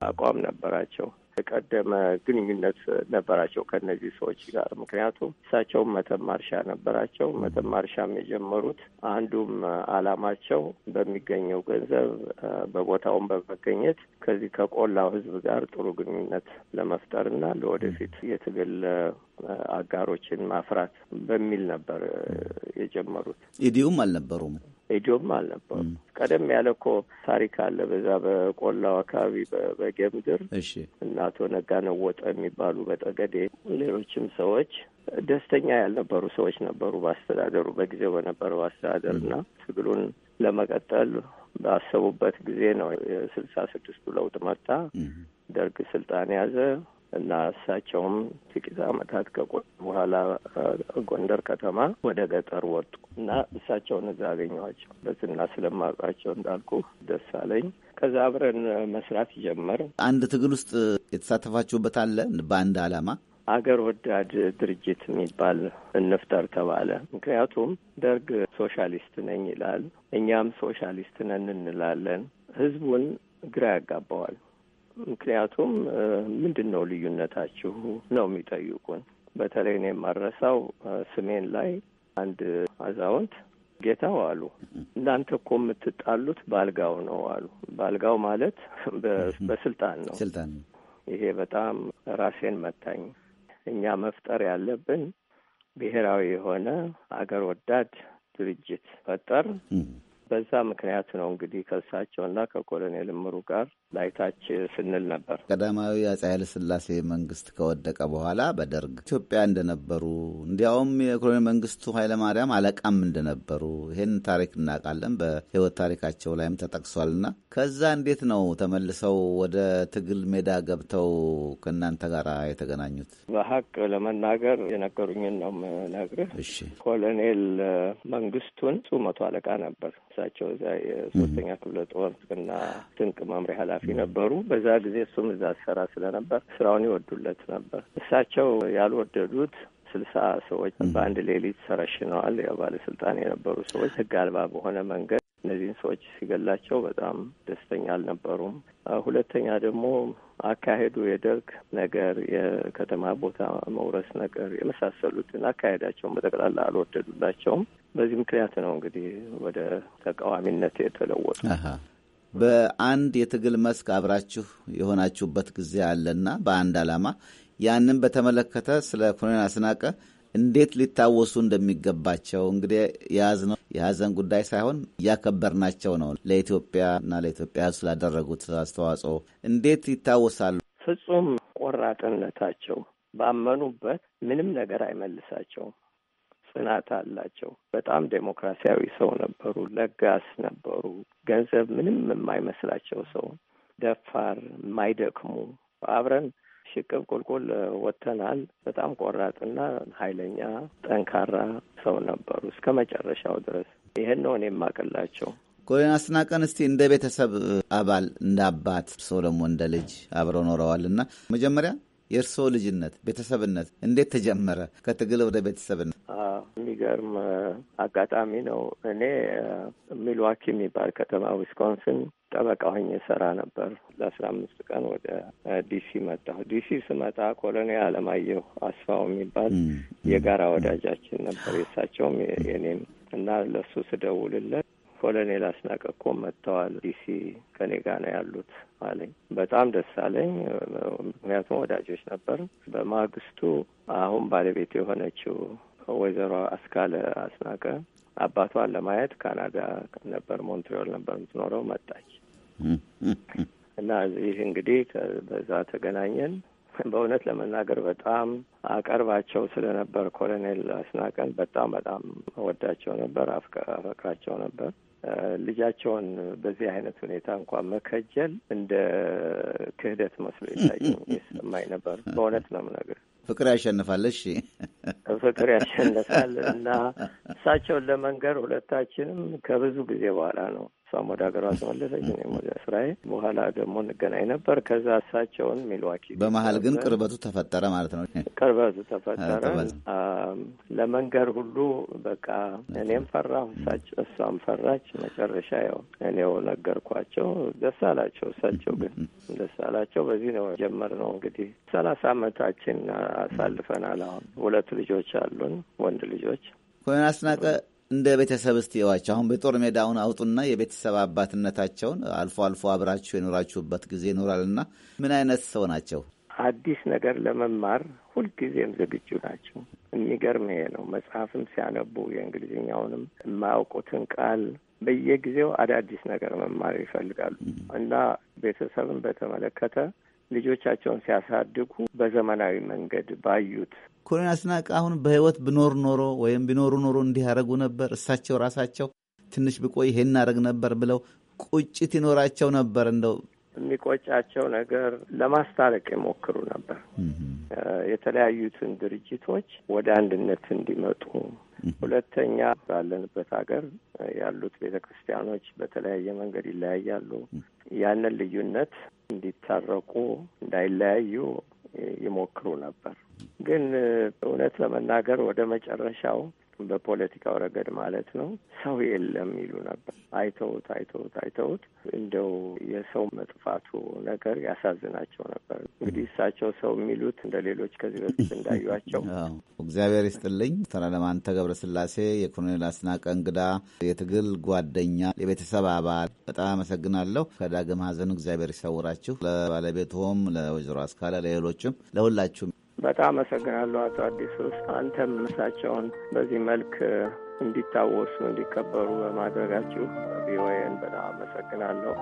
አቋም ነበራቸው። የቀደመ ግንኙነት ነበራቸው ከነዚህ ሰዎች ጋር። ምክንያቱም እሳቸውም መተማ ማርሻ ነበራቸው። መተማ ማርሻም የጀመሩት አንዱም አላማቸው በሚገኘው ገንዘብ በቦታውን በመገኘት ከዚህ ከቆላው ህዝብ ጋር ጥሩ ግንኙነት ለመፍጠርና ለወደፊት የትግል አጋሮችን ማፍራት በሚል ነበር የጀመሩት። ኢዲዩም አልነበሩም ኢዲዮም አልነበሩም። ቀደም ያለ እኮ ታሪክ አለ። በዛ በቆላው አካባቢ በጌምድር እና አቶ ነጋ ነወጠ የሚባሉ በጠገዴ ሌሎችም ሰዎች ደስተኛ ያልነበሩ ሰዎች ነበሩ በአስተዳደሩ በጊዜው በነበረው አስተዳደር እና ትግሉን ለመቀጠል ባሰቡበት ጊዜ ነው የስልሳ ስድስቱ ለውጥ መጣ። ደርግ ስልጣን ያዘ። እና እሳቸውም ጥቂት ዓመታት ከቆዩ በኋላ ጎንደር ከተማ ወደ ገጠር ወጡ እና እሳቸውን እዛ አገኘኋቸው። በዝና ስለማውቃቸው እንዳልኩ ደስ አለኝ። ከዛ አብረን መስራት ጀመር። አንድ ትግል ውስጥ የተሳተፋችሁበት አለ? በአንድ ዓላማ አገር ወዳድ ድርጅት የሚባል እንፍጠር ተባለ። ምክንያቱም ደርግ ሶሻሊስት ነኝ ይላል፣ እኛም ሶሻሊስት ነን እንላለን። ህዝቡን ግራ ያጋባዋል። ምክንያቱም ምንድን ነው ልዩነታችሁ ነው የሚጠይቁን። በተለይ እኔ የማረሳው ስሜን ላይ አንድ አዛውንት ጌታው አሉ፣ እናንተ እኮ የምትጣሉት ባልጋው ነው አሉ። ባልጋው ማለት በስልጣን ነው ስልጣን። ይሄ በጣም ራሴን መታኝ። እኛ መፍጠር ያለብን ብሔራዊ የሆነ አገር ወዳድ ድርጅት ፈጠር። በዛ ምክንያት ነው እንግዲህ ከእሳቸውና ከኮሎኔል እምሩ ጋር ላይታች ስንል ነበር። ቀዳማዊ አፄ ኃይለ ሥላሴ መንግስት ከወደቀ በኋላ በደርግ ኢትዮጵያ እንደነበሩ እንዲያውም የኮሎኔል መንግስቱ ኃይለማርያም አለቃም እንደነበሩ ይህን ታሪክ እናውቃለን። በህይወት ታሪካቸው ላይም ተጠቅሷልና ከዛ እንዴት ነው ተመልሰው ወደ ትግል ሜዳ ገብተው ከእናንተ ጋር የተገናኙት? በሀቅ ለመናገር የነገሩኝን ነው የምነግርህ። እሺ ኮሎኔል መንግስቱን እሱ መቶ አለቃ ነበር። እሳቸው እዛ የሶስተኛ ክፍለ ጦር እና ስንቅ መምሪያ ጸሐፊ ነበሩ። በዛ ጊዜ እሱም እዛ ሰራ ስለነበር ስራውን ይወዱለት ነበር። እሳቸው ያልወደዱት ስልሳ ሰዎች በአንድ ሌሊት ሰረሽነዋል። የባለስልጣን የነበሩ ሰዎች ህግ አልባ በሆነ መንገድ እነዚህን ሰዎች ሲገላቸው በጣም ደስተኛ አልነበሩም። ሁለተኛ ደግሞ አካሄዱ የደርግ ነገር፣ የከተማ ቦታ መውረስ ነገር የመሳሰሉትን አካሄዳቸውን በጠቅላላ አልወደዱላቸውም። በዚህ ምክንያት ነው እንግዲህ ወደ ተቃዋሚነት የተለወጡ። በአንድ የትግል መስክ አብራችሁ የሆናችሁበት ጊዜ አለና በአንድ ዓላማ ያንን በተመለከተ ስለ ኮሎኔል አስናቀ እንዴት ሊታወሱ እንደሚገባቸው እንግዲህ የያዝነው የሀዘን ጉዳይ ሳይሆን እያከበርናቸው ነው። ለኢትዮጵያና ለኢትዮጵያ ስላደረጉት አስተዋጽኦ እንዴት ይታወሳሉ? ፍጹም ቆራጥነታቸው ባመኑበት ምንም ነገር አይመልሳቸውም። ጽናት አላቸው። በጣም ዴሞክራሲያዊ ሰው ነበሩ። ለጋስ ነበሩ። ገንዘብ ምንም የማይመስላቸው ሰው፣ ደፋር፣ የማይደክሙ አብረን ሽቅብ ቁልቁል ወጥተናል። በጣም ቆራጥና ኃይለኛ ጠንካራ ሰው ነበሩ እስከ መጨረሻው ድረስ። ይህን ነው እኔ የማቅላቸው። ኮሎኔል አስናቀን እስቲ እንደ ቤተሰብ አባል እንደ አባት ሰው ደግሞ እንደ ልጅ አብረው ኖረዋል እና መጀመሪያ የእርስዎ ልጅነት ቤተሰብነት እንዴት ተጀመረ? ከትግል ወደ ቤተሰብነት። የሚገርም አጋጣሚ ነው። እኔ ሚልዋኪ የሚባል ከተማ ዊስኮንስን ጠበቃ ሆኜ ሰራ ነበር። ለአስራ አምስት ቀን ወደ ዲሲ መጣሁ። ዲሲ ስመጣ ኮሎኔል አለማየሁ አስፋው የሚባል የጋራ ወዳጃችን ነበር፣ የሳቸውም የኔም እና ለሱ ስደውልለት ኮሎኔል አስናቀ እኮ መጥተዋል ዲሲ ከኔ ጋ ነው ያሉት አለኝ። በጣም ደስ አለኝ፣ ምክንያቱም ወዳጆች ነበር። በማግስቱ አሁን ባለቤት የሆነችው ወይዘሮ አስካለ አስናቀ አባቷን ለማየት ካናዳ ነበር ሞንትሪዮል ነበር የምትኖረው፣ መጣች [LAUGHS] እና ይህ እንግዲህ በዛ ተገናኘን። በእውነት ለመናገር በጣም አቀርባቸው ስለነበር ኮሎኔል አስናቀን በጣም በጣም ወዳቸው ነበር፣ አፈቅራቸው ነበር። ልጃቸውን በዚህ አይነት ሁኔታ እንኳን መከጀል እንደ ክህደት መስሎ ይታየ [LAUGHS] ነበር። በእውነት ነው ምነግር ፍቅር ያሸንፋለሽ ፍቅር ያሸንፋል። እና እሳቸውን ለመንገር ሁለታችንም ከብዙ ጊዜ በኋላ ነው እሷም ወደ ሀገሯ ተመለሰች፣ እኔም ወደ ስራዬ። በኋላ ደግሞ እንገናኝ ነበር። ከዛ እሳቸውን ሚልዋኪ። በመሀል ግን ቅርበቱ ተፈጠረ ማለት ነው። ቅርበቱ ተፈጠረ። ለመንገድ ሁሉ በቃ እኔም ፈራሁ፣ እሷም ፈራች። መጨረሻ ያው እኔው ነገርኳቸው፣ ደስ አላቸው። እሳቸው ግን [LAUGHS] ደስ አላቸው። በዚህ ነው የጀመርነው። እንግዲህ ሰላሳ አመታችን አሳልፈናል። አሁን ሁለት ልጆች አሉን፣ ወንድ ልጆች። ኮይን አስናቀ እንደ ቤተሰብ እስቲ እዋቸው አሁን በጦር ሜዳውን አውጡና የቤተሰብ አባትነታቸውን አልፎ አልፎ አብራችሁ የኖራችሁበት ጊዜ ይኖራልና ምን አይነት ሰው ናቸው? አዲስ ነገር ለመማር ሁልጊዜም ዝግጁ ናቸው። የሚገርም ይሄ ነው። መጽሐፍም ሲያነቡ የእንግሊዝኛውንም የማያውቁትን ቃል በየጊዜው አዳዲስ ነገር መማር ይፈልጋሉ እና ቤተሰብን በተመለከተ ልጆቻቸውን ሲያሳድጉ በዘመናዊ መንገድ ባዩት። ኮሎኔል አስናቀ አሁን በህይወት ብኖር ኖሮ ወይም ቢኖሩ ኖሮ እንዲህ ያደረጉ ነበር፣ እሳቸው ራሳቸው ትንሽ ብቆይ ይሄን እናደርግ ነበር ብለው ቁጭት ይኖራቸው ነበር እንደው የሚቆጫቸው ነገር ለማስታረቅ ይሞክሩ ነበር። የተለያዩትን ድርጅቶች ወደ አንድነት እንዲመጡ ሁለተኛ ባለንበት ሀገር ያሉት ቤተ ክርስቲያኖች በተለያየ መንገድ ይለያያሉ። ያንን ልዩነት እንዲታረቁ እንዳይለያዩ ይሞክሩ ነበር። ግን እውነት ለመናገር ወደ መጨረሻው በፖለቲካው ረገድ ማለት ነው። ሰው የለም ይሉ ነበር። አይተውት አይተውት አይተውት እንደው የሰው መጥፋቱ ነገር ያሳዝናቸው ነበር። እንግዲህ እሳቸው ሰው የሚሉት እንደ ሌሎች ከዚህ በፊት [LAUGHS] እንዳዩቸው እግዚአብሔር ይስጥልኝ። ተራለማንተ ገብረስላሴ የኮሎኔል አስናቀ እንግዳ፣ የትግል ጓደኛ፣ የቤተሰብ አባል በጣም አመሰግናለሁ። ከዳግም ሀዘኑ እግዚአብሔር ይሰውራችሁ። ለባለቤቱም ለወይዘሮ አስካለ፣ ለሌሎችም ለሁላችሁም በጣም አመሰግናለሁ አቶ አዲሱ። አንተም እሳቸውን በዚህ መልክ እንዲታወሱ እንዲከበሩ በማድረጋችሁ ቪኦኤን በጣም አመሰግናለሁ።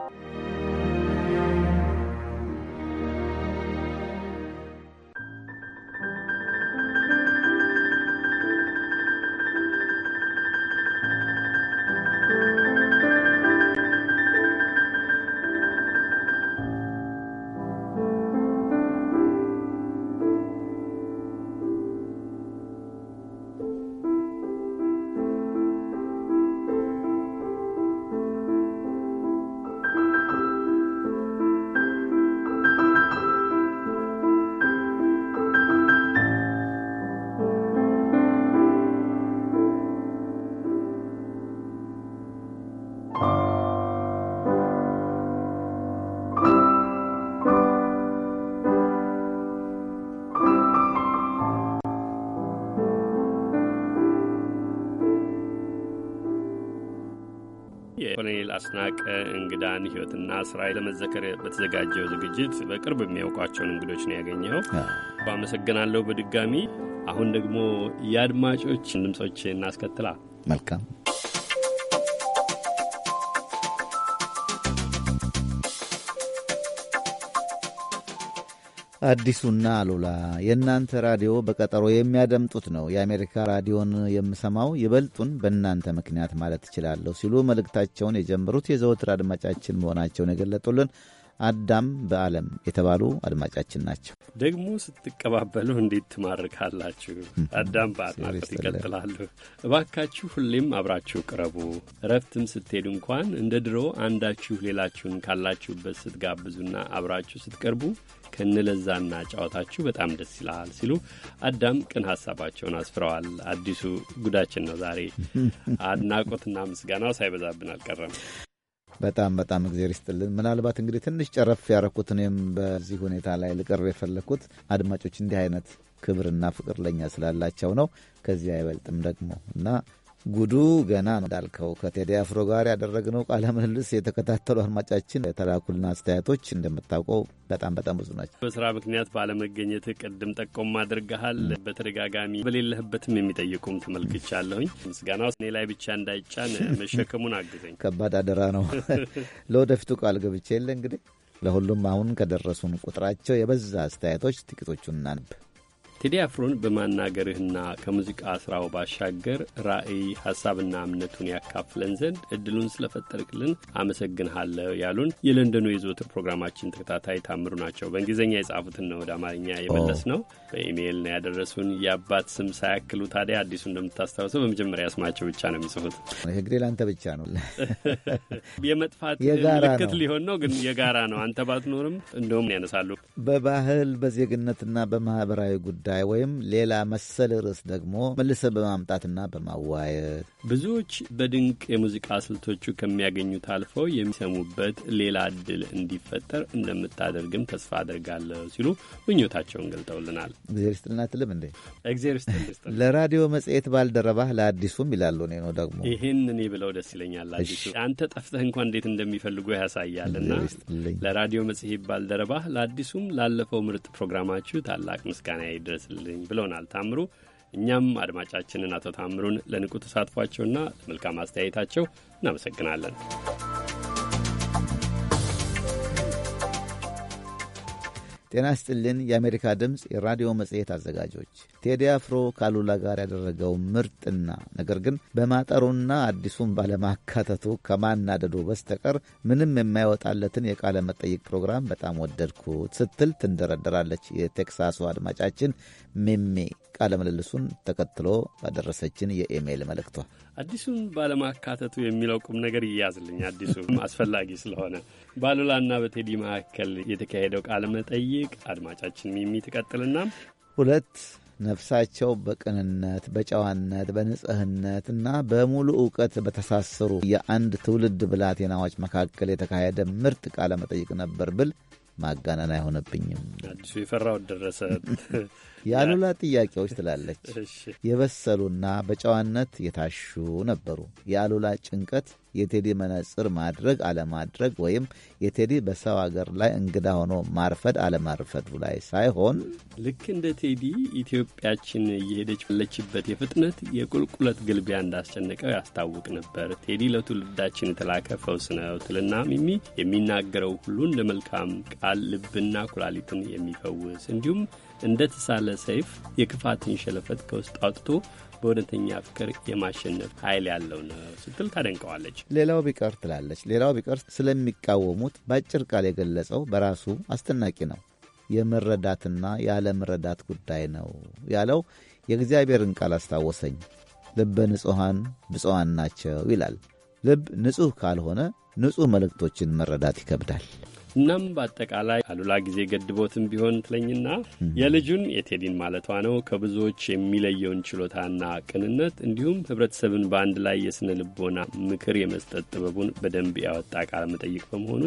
አስናቀ እንግዳን ህይወትና ስራ ለመዘከር በተዘጋጀው ዝግጅት በቅርብ የሚያውቋቸውን እንግዶች ነው ያገኘኸው። አመሰግናለሁ በድጋሚ። አሁን ደግሞ የአድማጮች ድምጾች እናስከትላ። መልካም አዲሱና አሉላ የእናንተ ራዲዮ በቀጠሮ የሚያደምጡት ነው። የአሜሪካ ራዲዮን የምሰማው ይበልጡን በእናንተ ምክንያት ማለት እችላለሁ ሲሉ መልእክታቸውን የጀመሩት የዘወትር አድማጫችን መሆናቸውን የገለጡልን አዳም በዓለም የተባሉ አድማጫችን ናቸው። ደግሞ ስትቀባበሉ እንዴት ትማርካላችሁ! አዳም በአድናቆት ይቀጥላሉ። እባካችሁ ሁሌም አብራችሁ ቅረቡ። እረፍትም ስትሄዱ እንኳን እንደ ድሮ አንዳችሁ ሌላችሁን ካላችሁበት ስትጋብዙና አብራችሁ ስትቀርቡ ከንለዛና ጨዋታችሁ በጣም ደስ ይላል ሲሉ አዳም ቅን ሀሳባቸውን አስፍረዋል። አዲሱ ጉዳችን ነው ዛሬ [LAUGHS] አድናቆትና ምስጋናው ሳይበዛብን አልቀረም። በጣም በጣም እግዜር ይስጥልን። ምናልባት እንግዲህ ትንሽ ጨረፍ ያረኩት እኔም በዚህ ሁኔታ ላይ ልቀርብ የፈለግኩት አድማጮች እንዲህ አይነት ክብርና ፍቅር ለእኛ ስላላቸው ነው። ከዚህ አይበልጥም ደግሞ እና ጉዱ ገና ነው እንዳልከው ከቴዲ አፍሮ ጋር ያደረግነው ቃለ ምልልስ የተከታተሉ አድማጫችን የተላኩልን አስተያየቶች እንደምታውቀው በጣም በጣም ብዙ ናቸው። በስራ ምክንያት ባለመገኘት ቅድም ጠቆም አድርገሃል። በተደጋጋሚ በሌለህበትም የሚጠይቁም ተመልክቻለሁኝ። ምስጋናው እኔ ላይ ብቻ እንዳይጫን መሸከሙን አግዘኝ። ከባድ አደራ ነው። ለወደፊቱ ቃል ገብቼ የለ እንግዲህ ለሁሉም አሁን ከደረሱን ቁጥራቸው የበዛ አስተያየቶች ጥቂቶቹን እናንብ። ቴዲ አፍሮን በማናገርህና ከሙዚቃ ስራው ባሻገር ራዕይ ሀሳብና እምነቱን ያካፍለን ዘንድ እድሉን ስለፈጠርክልን አመሰግንሃለሁ ያሉን የለንደኑ የዘወትር ፕሮግራማችን ተከታታይ ታምሩ ናቸው። በእንግሊዝኛ የጻፉትን ነው ወደ አማርኛ የመለስ ነው። በኢሜይል ነው ያደረሱን። የአባት ስም ሳያክሉ ታዲያ አዲሱ እንደምታስታውሰው በመጀመሪያ ስማቸው ብቻ ነው የሚጽፉት። እግዴ ለአንተ ብቻ ነው። [LAUGHS] የመጥፋት ምልክት ሊሆን ነው፣ ግን የጋራ ነው። አንተ ባትኖርም እንደውም ያነሳሉ። በባህል በዜግነትና በማህበራዊ ጉዳይ ጉዳይ ወይም ሌላ መሰል ርዕስ ደግሞ መልሰ በማምጣትና በማዋየት ብዙዎች በድንቅ የሙዚቃ ስልቶቹ ከሚያገኙት አልፈው የሚሰሙበት ሌላ እድል እንዲፈጠር እንደምታደርግም ተስፋ አድርጋለሁ ሲሉ ምኞታቸውን ገልጠውልናል። እግዜር ይስጥልን አትልም እንዴ? እግዜር ይስጥልን። ለራዲዮ መጽሔት ባልደረባህ ለአዲሱም ይላሉ። እኔ ነው ደግሞ ይህን እኔ ብለው ደስ ይለኛል። አዲሱ አንተ ጠፍተህ እንኳ እንዴት እንደሚፈልጉ ያሳያልና ለራዲዮ መጽሔት ባልደረባህ ለአዲሱም ላለፈው ምርጥ ፕሮግራማችሁ ታላቅ ምስጋና ይድረስ ይድረስልኝ ብለውናል ታምሩ። እኛም አድማጫችንን አቶ ታምሩን ለንቁ ተሳትፏቸውና ለመልካም አስተያየታቸው እናመሰግናለን። ጤና ስጥልን። የአሜሪካ ድምፅ የራዲዮ መጽሔት አዘጋጆች ቴዲ አፍሮ ካሉላ ጋር ያደረገው ምርጥና ነገር ግን በማጠሩና አዲሱን ባለማካተቱ ከማናደዱ በስተቀር ምንም የማይወጣለትን የቃለ መጠይቅ ፕሮግራም በጣም ወደድኩት ስትል ትንደረደራለች የቴክሳሱ አድማጫችን ሚሜ ቃለ ምልልሱን ተከትሎ ባደረሰችን የኢሜይል መልእክቷ አዲሱን ባለማካተቱ የሚለው ቁም ነገር እያዝልኝ አዲሱ አስፈላጊ ስለሆነ ባሉላና በቴዲ መካከል የተካሄደው ቃለ መጠይቅ አድማጫችን ሚሚ ትቀጥልና ሁለት ነፍሳቸው በቅንነት በጨዋነት በንጽህነት እና በሙሉ እውቀት በተሳሰሩ የአንድ ትውልድ ብላቴናዎች መካከል የተካሄደ ምርጥ ቃለ መጠይቅ ነበር ብል ማጋነን አይሆነብኝም። አዲሱ የፈራው ደረሰ። የአሉላ ጥያቄዎች ትላለች። የበሰሉና በጨዋነት የታሹ ነበሩ። የአሉላ ጭንቀት የቴዲ መነጽር ማድረግ አለማድረግ ወይም የቴዲ በሰው አገር ላይ እንግዳ ሆኖ ማርፈድ አለማርፈዱ ላይ ሳይሆን ልክ እንደ ቴዲ ኢትዮጵያችን እየሄደች ባለችበት የፍጥነት የቁልቁለት ግልቢያ እንዳስጨነቀው ያስታውቅ ነበር። ቴዲ ለትውልዳችን የተላከ ፈውስ ነው ትልና ሚሚ የሚናገረው ሁሉ እንደ መልካም ቃል ልብና ኩላሊትን የሚፈውስ እንዲሁም እንደ ተሳለ ሰይፍ የክፋትን ሸለፈት ከውስጥ አውጥቶ በእውነተኛ ፍቅር የማሸነፍ ኃይል ያለው ነው ስትል ታደንቀዋለች። ሌላው ቢቀር ትላለች። ሌላው ቢቀር ስለሚቃወሙት በአጭር ቃል የገለጸው በራሱ አስደናቂ ነው። የመረዳትና ያለመረዳት ጉዳይ ነው ያለው የእግዚአብሔርን ቃል አስታወሰኝ። ልበ ንጹሐን ብፁዓን ናቸው ይላል። ልብ ንጹሕ ካልሆነ ንጹሕ መልእክቶችን መረዳት ይከብዳል። እናም በአጠቃላይ አሉላ ጊዜ ገድቦትም ቢሆን ትለኝና የልጁን የቴዲን ማለቷ ነው ከብዙዎች የሚለየውን ችሎታና ቅንነት እንዲሁም ህብረተሰብን በአንድ ላይ የስነ ልቦና ምክር የመስጠት ጥበቡን በደንብ ያወጣ ቃለ መጠይቅ በመሆኑ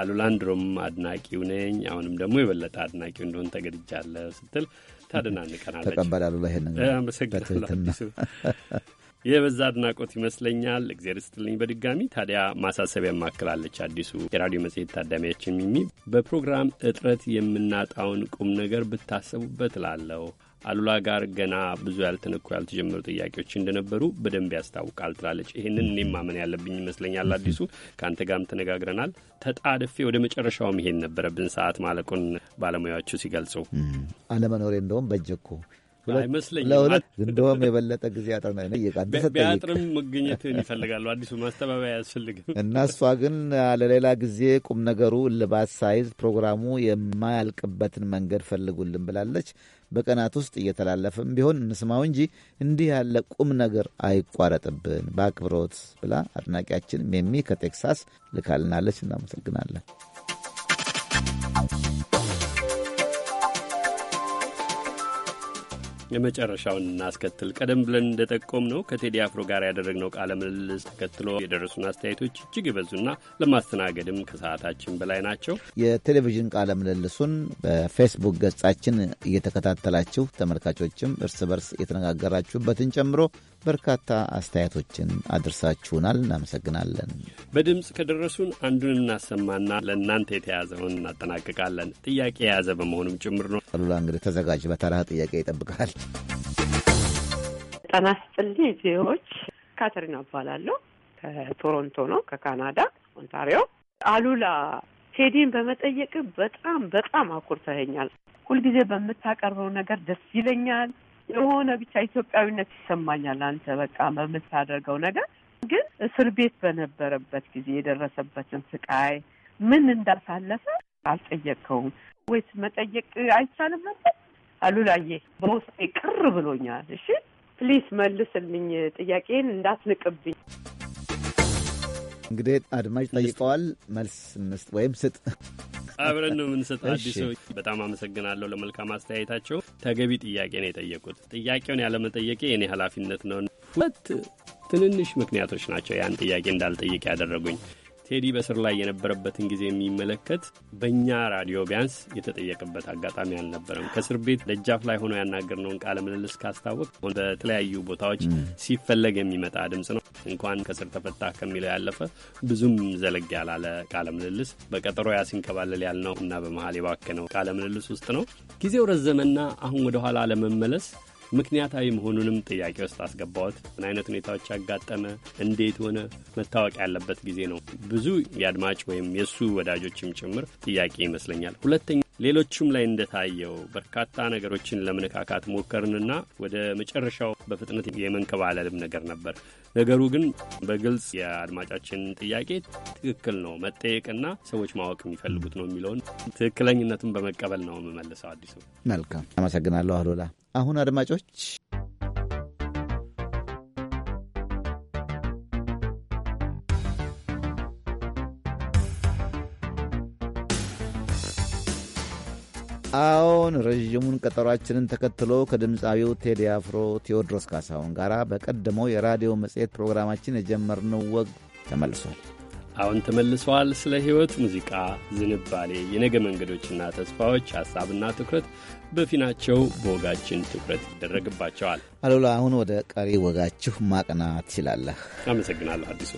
አሉላን ድሮም አድናቂው ነኝ አሁንም ደግሞ የበለጠ አድናቂው እንደሆን ተገድጃለሁ ስትል ታደናንቀናለች። ተቀበል አሉላ ይሄን አመሰግናለሁ። የበዛ አድናቆት ይመስለኛል። እግዜር ስትልኝ በድጋሚ ታዲያ ማሳሰቢያ ማክላለች። አዲሱ የራዲዮ መጽሔት ታዳሚያችን ሚሚ በፕሮግራም እጥረት የምናጣውን ቁም ነገር ብታሰቡበት ላለው አሉላ ጋር ገና ብዙ ያልተነኩ ያልተጀመሩ ጥያቄዎች እንደነበሩ በደንብ ያስታውቃል ትላለች። ይህንን እኔም ማመን ያለብኝ ይመስለኛል። አዲሱ ከአንተ ጋርም ተነጋግረናል። ተጣድፌ ወደ መጨረሻው መሄድ ነበረብን፣ ሰዓት ማለቁን ባለሙያዎቹ ሲገልጹ አለመኖሬ እንደውም በጀኩ ለሁለት እንደውም የበለጠ ጊዜ ያጠና ቢያጥርም መገኘትን ይፈልጋሉ። አዲሱ ማስተባበያ አያስፈልግም እና እሷ ግን ለሌላ ጊዜ ቁም ነገሩ ልባት ሳይዝ ፕሮግራሙ የማያልቅበትን መንገድ ፈልጉልን ብላለች። በቀናት ውስጥ እየተላለፈም ቢሆን እንስማው እንጂ እንዲህ ያለ ቁም ነገር አይቋረጥብን በአክብሮት ብላ አድናቂያችን ሜሚ ከቴክሳስ ልካልናለች። እናመሰግናለን። የመጨረሻውን እናስከትል። ቀደም ብለን እንደጠቆም ነው ከቴዲ አፍሮ ጋር ያደረግነው ቃለ ምልልስ ተከትሎ የደረሱን አስተያየቶች እጅግ የበዙና ለማስተናገድም ከሰዓታችን በላይ ናቸው። የቴሌቪዥን ቃለ ምልልሱን በፌስቡክ ገጻችን እየተከታተላችሁ ተመልካቾችም እርስ በርስ የተነጋገራችሁበትን ጨምሮ በርካታ አስተያየቶችን አድርሳችሁናል። እናመሰግናለን። በድምፅ ከደረሱን አንዱን እናሰማና ለእናንተ የተያዘውን እናጠናቅቃለን። ጥያቄ የያዘ በመሆኑም ጭምር ነው። አሉላ እንግዲህ ተዘጋጅ፣ በተራህ ጥያቄ ይጠብቃል። ጤና ይስጥልኝ ዜዎች፣ ካተሪና እባላለሁ። ከቶሮንቶ ነው፣ ከካናዳ ኦንታሪዮ። አሉላ ቴዲን በመጠየቅ በጣም በጣም አኩርተኸኛል። ሁልጊዜ በምታቀርበው ነገር ደስ ይለኛል። የሆነ ብቻ ኢትዮጵያዊነት ይሰማኛል። አንተ በቃ በምታደርገው ነገር ግን እስር ቤት በነበረበት ጊዜ የደረሰበትን ስቃይ ምን እንዳሳለፈ አልጠየቅከውም ወይስ መጠየቅ አይቻልም ነበር? አሉላዬ በውስጤ ቅር ብሎኛል። እሺ ፕሊስ መልስልኝ፣ ጥያቄን እንዳትንቅብኝ። እንግዲህ አድማጭ ጠይቀዋል፣ መልስ ምስጥ ወይም ስጥ። አብረን ነው የምንሰጠው። አዲሱ በጣም አመሰግናለሁ ለመልካም አስተያየታቸው። ተገቢ ጥያቄ ነው የጠየቁት። ጥያቄውን ያለመጠየቄ የኔ ኃላፊነት ነው። ሁለት ትንንሽ ምክንያቶች ናቸው ያን ጥያቄ እንዳልጠይቅ ያደረጉኝ። ቴዲ በስር ላይ የነበረበትን ጊዜ የሚመለከት በእኛ ራዲዮ ቢያንስ የተጠየቀበት አጋጣሚ አልነበረም። ከእስር ቤት ደጃፍ ላይ ሆኖ ያናገርነውን ቃለ ምልልስ ካስታወቅ በተለያዩ ቦታዎች ሲፈለግ የሚመጣ ድምፅ ነው። እንኳን ከስር ተፈታ ከሚለው ያለፈ ብዙም ዘለግ ያላለ ቃለ ምልልስ በቀጠሮ ያሲንከባለል ያልነው እና በመሀል የባከነው ቃለ ምልልስ ውስጥ ነው። ጊዜው ረዘመና አሁን ወደኋላ ለመመለስ ምክንያታዊ መሆኑንም ጥያቄ ውስጥ አስገባዎት። ምን አይነት ሁኔታዎች ያጋጠመ፣ እንዴት ሆነ መታወቅ ያለበት ጊዜ ነው። ብዙ የአድማጭ ወይም የእሱ ወዳጆችም ጭምር ጥያቄ ይመስለኛል። ሁለተኛ ሌሎቹም ላይ እንደታየው በርካታ ነገሮችን ለመነካካት ሞከርንና ወደ መጨረሻው በፍጥነት የመንከባለልም ነገር ነበር። ነገሩ ግን በግልጽ የአድማጫችን ጥያቄ ትክክል ነው መጠየቅና ሰዎች ማወቅ የሚፈልጉት ነው የሚለውን ትክክለኝነቱን በመቀበል ነው የምመልሰው። አዲሱ መልካም አመሰግናለሁ አሉላ። አሁን አድማጮች አዎን ረዥሙን ቀጠሯችንን ተከትሎ ከድምፃዊው ቴዲ አፍሮ ቴዎድሮስ ካሳሁን ጋር በቀደመው የራዲዮ መጽሔት ፕሮግራማችን የጀመርነው ወግ ተመልሷል። አሁን ተመልሰዋል። ስለ ሕይወት፣ ሙዚቃ፣ ዝንባሌ፣ የነገ መንገዶችና ተስፋዎች ሐሳብና ትኩረት በፊናቸው በወጋችን ትኩረት ይደረግባቸዋል። አሉላ፣ አሁን ወደ ቀሪ ወጋችሁ ማቅናት ይችላለህ። አመሰግናለሁ አዲሱ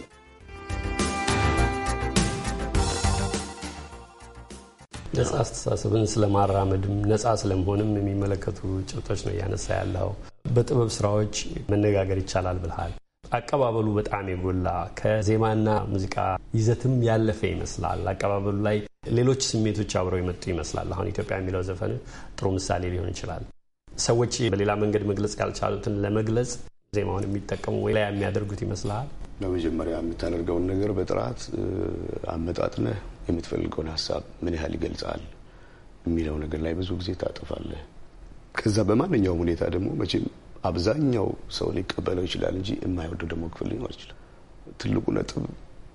ነጻ አስተሳሰብን ስለማራመድም ነጻ ስለመሆንም የሚመለከቱ ጭብጦች ነው እያነሳ ያለው። በጥበብ ስራዎች መነጋገር ይቻላል ብልሃል። አቀባበሉ በጣም የጎላ ከዜማና ሙዚቃ ይዘትም ያለፈ ይመስላል። አቀባበሉ ላይ ሌሎች ስሜቶች አብረው የመጡ ይመስላል። አሁን ኢትዮጵያ የሚለው ዘፈን ጥሩ ምሳሌ ሊሆን ይችላል። ሰዎች በሌላ መንገድ መግለጽ ያልቻሉትን ለመግለጽ ዜማውን የሚጠቀሙ ወይ ላይ የሚያደርጉት ይመስልሃል። ለመጀመሪያ የምታደርገውን ነገር በጥራት አመጣጥነህ የምትፈልገውን ሀሳብ ምን ያህል ይገልጻል የሚለው ነገር ላይ ብዙ ጊዜ ታጠፋለህ። ከዛ በማንኛውም ሁኔታ ደግሞ መቼም አብዛኛው ሰው ሊቀበለው ይችላል እንጂ የማይወደው ደግሞ ክፍል ሊኖር ይችላል። ትልቁ ነጥብ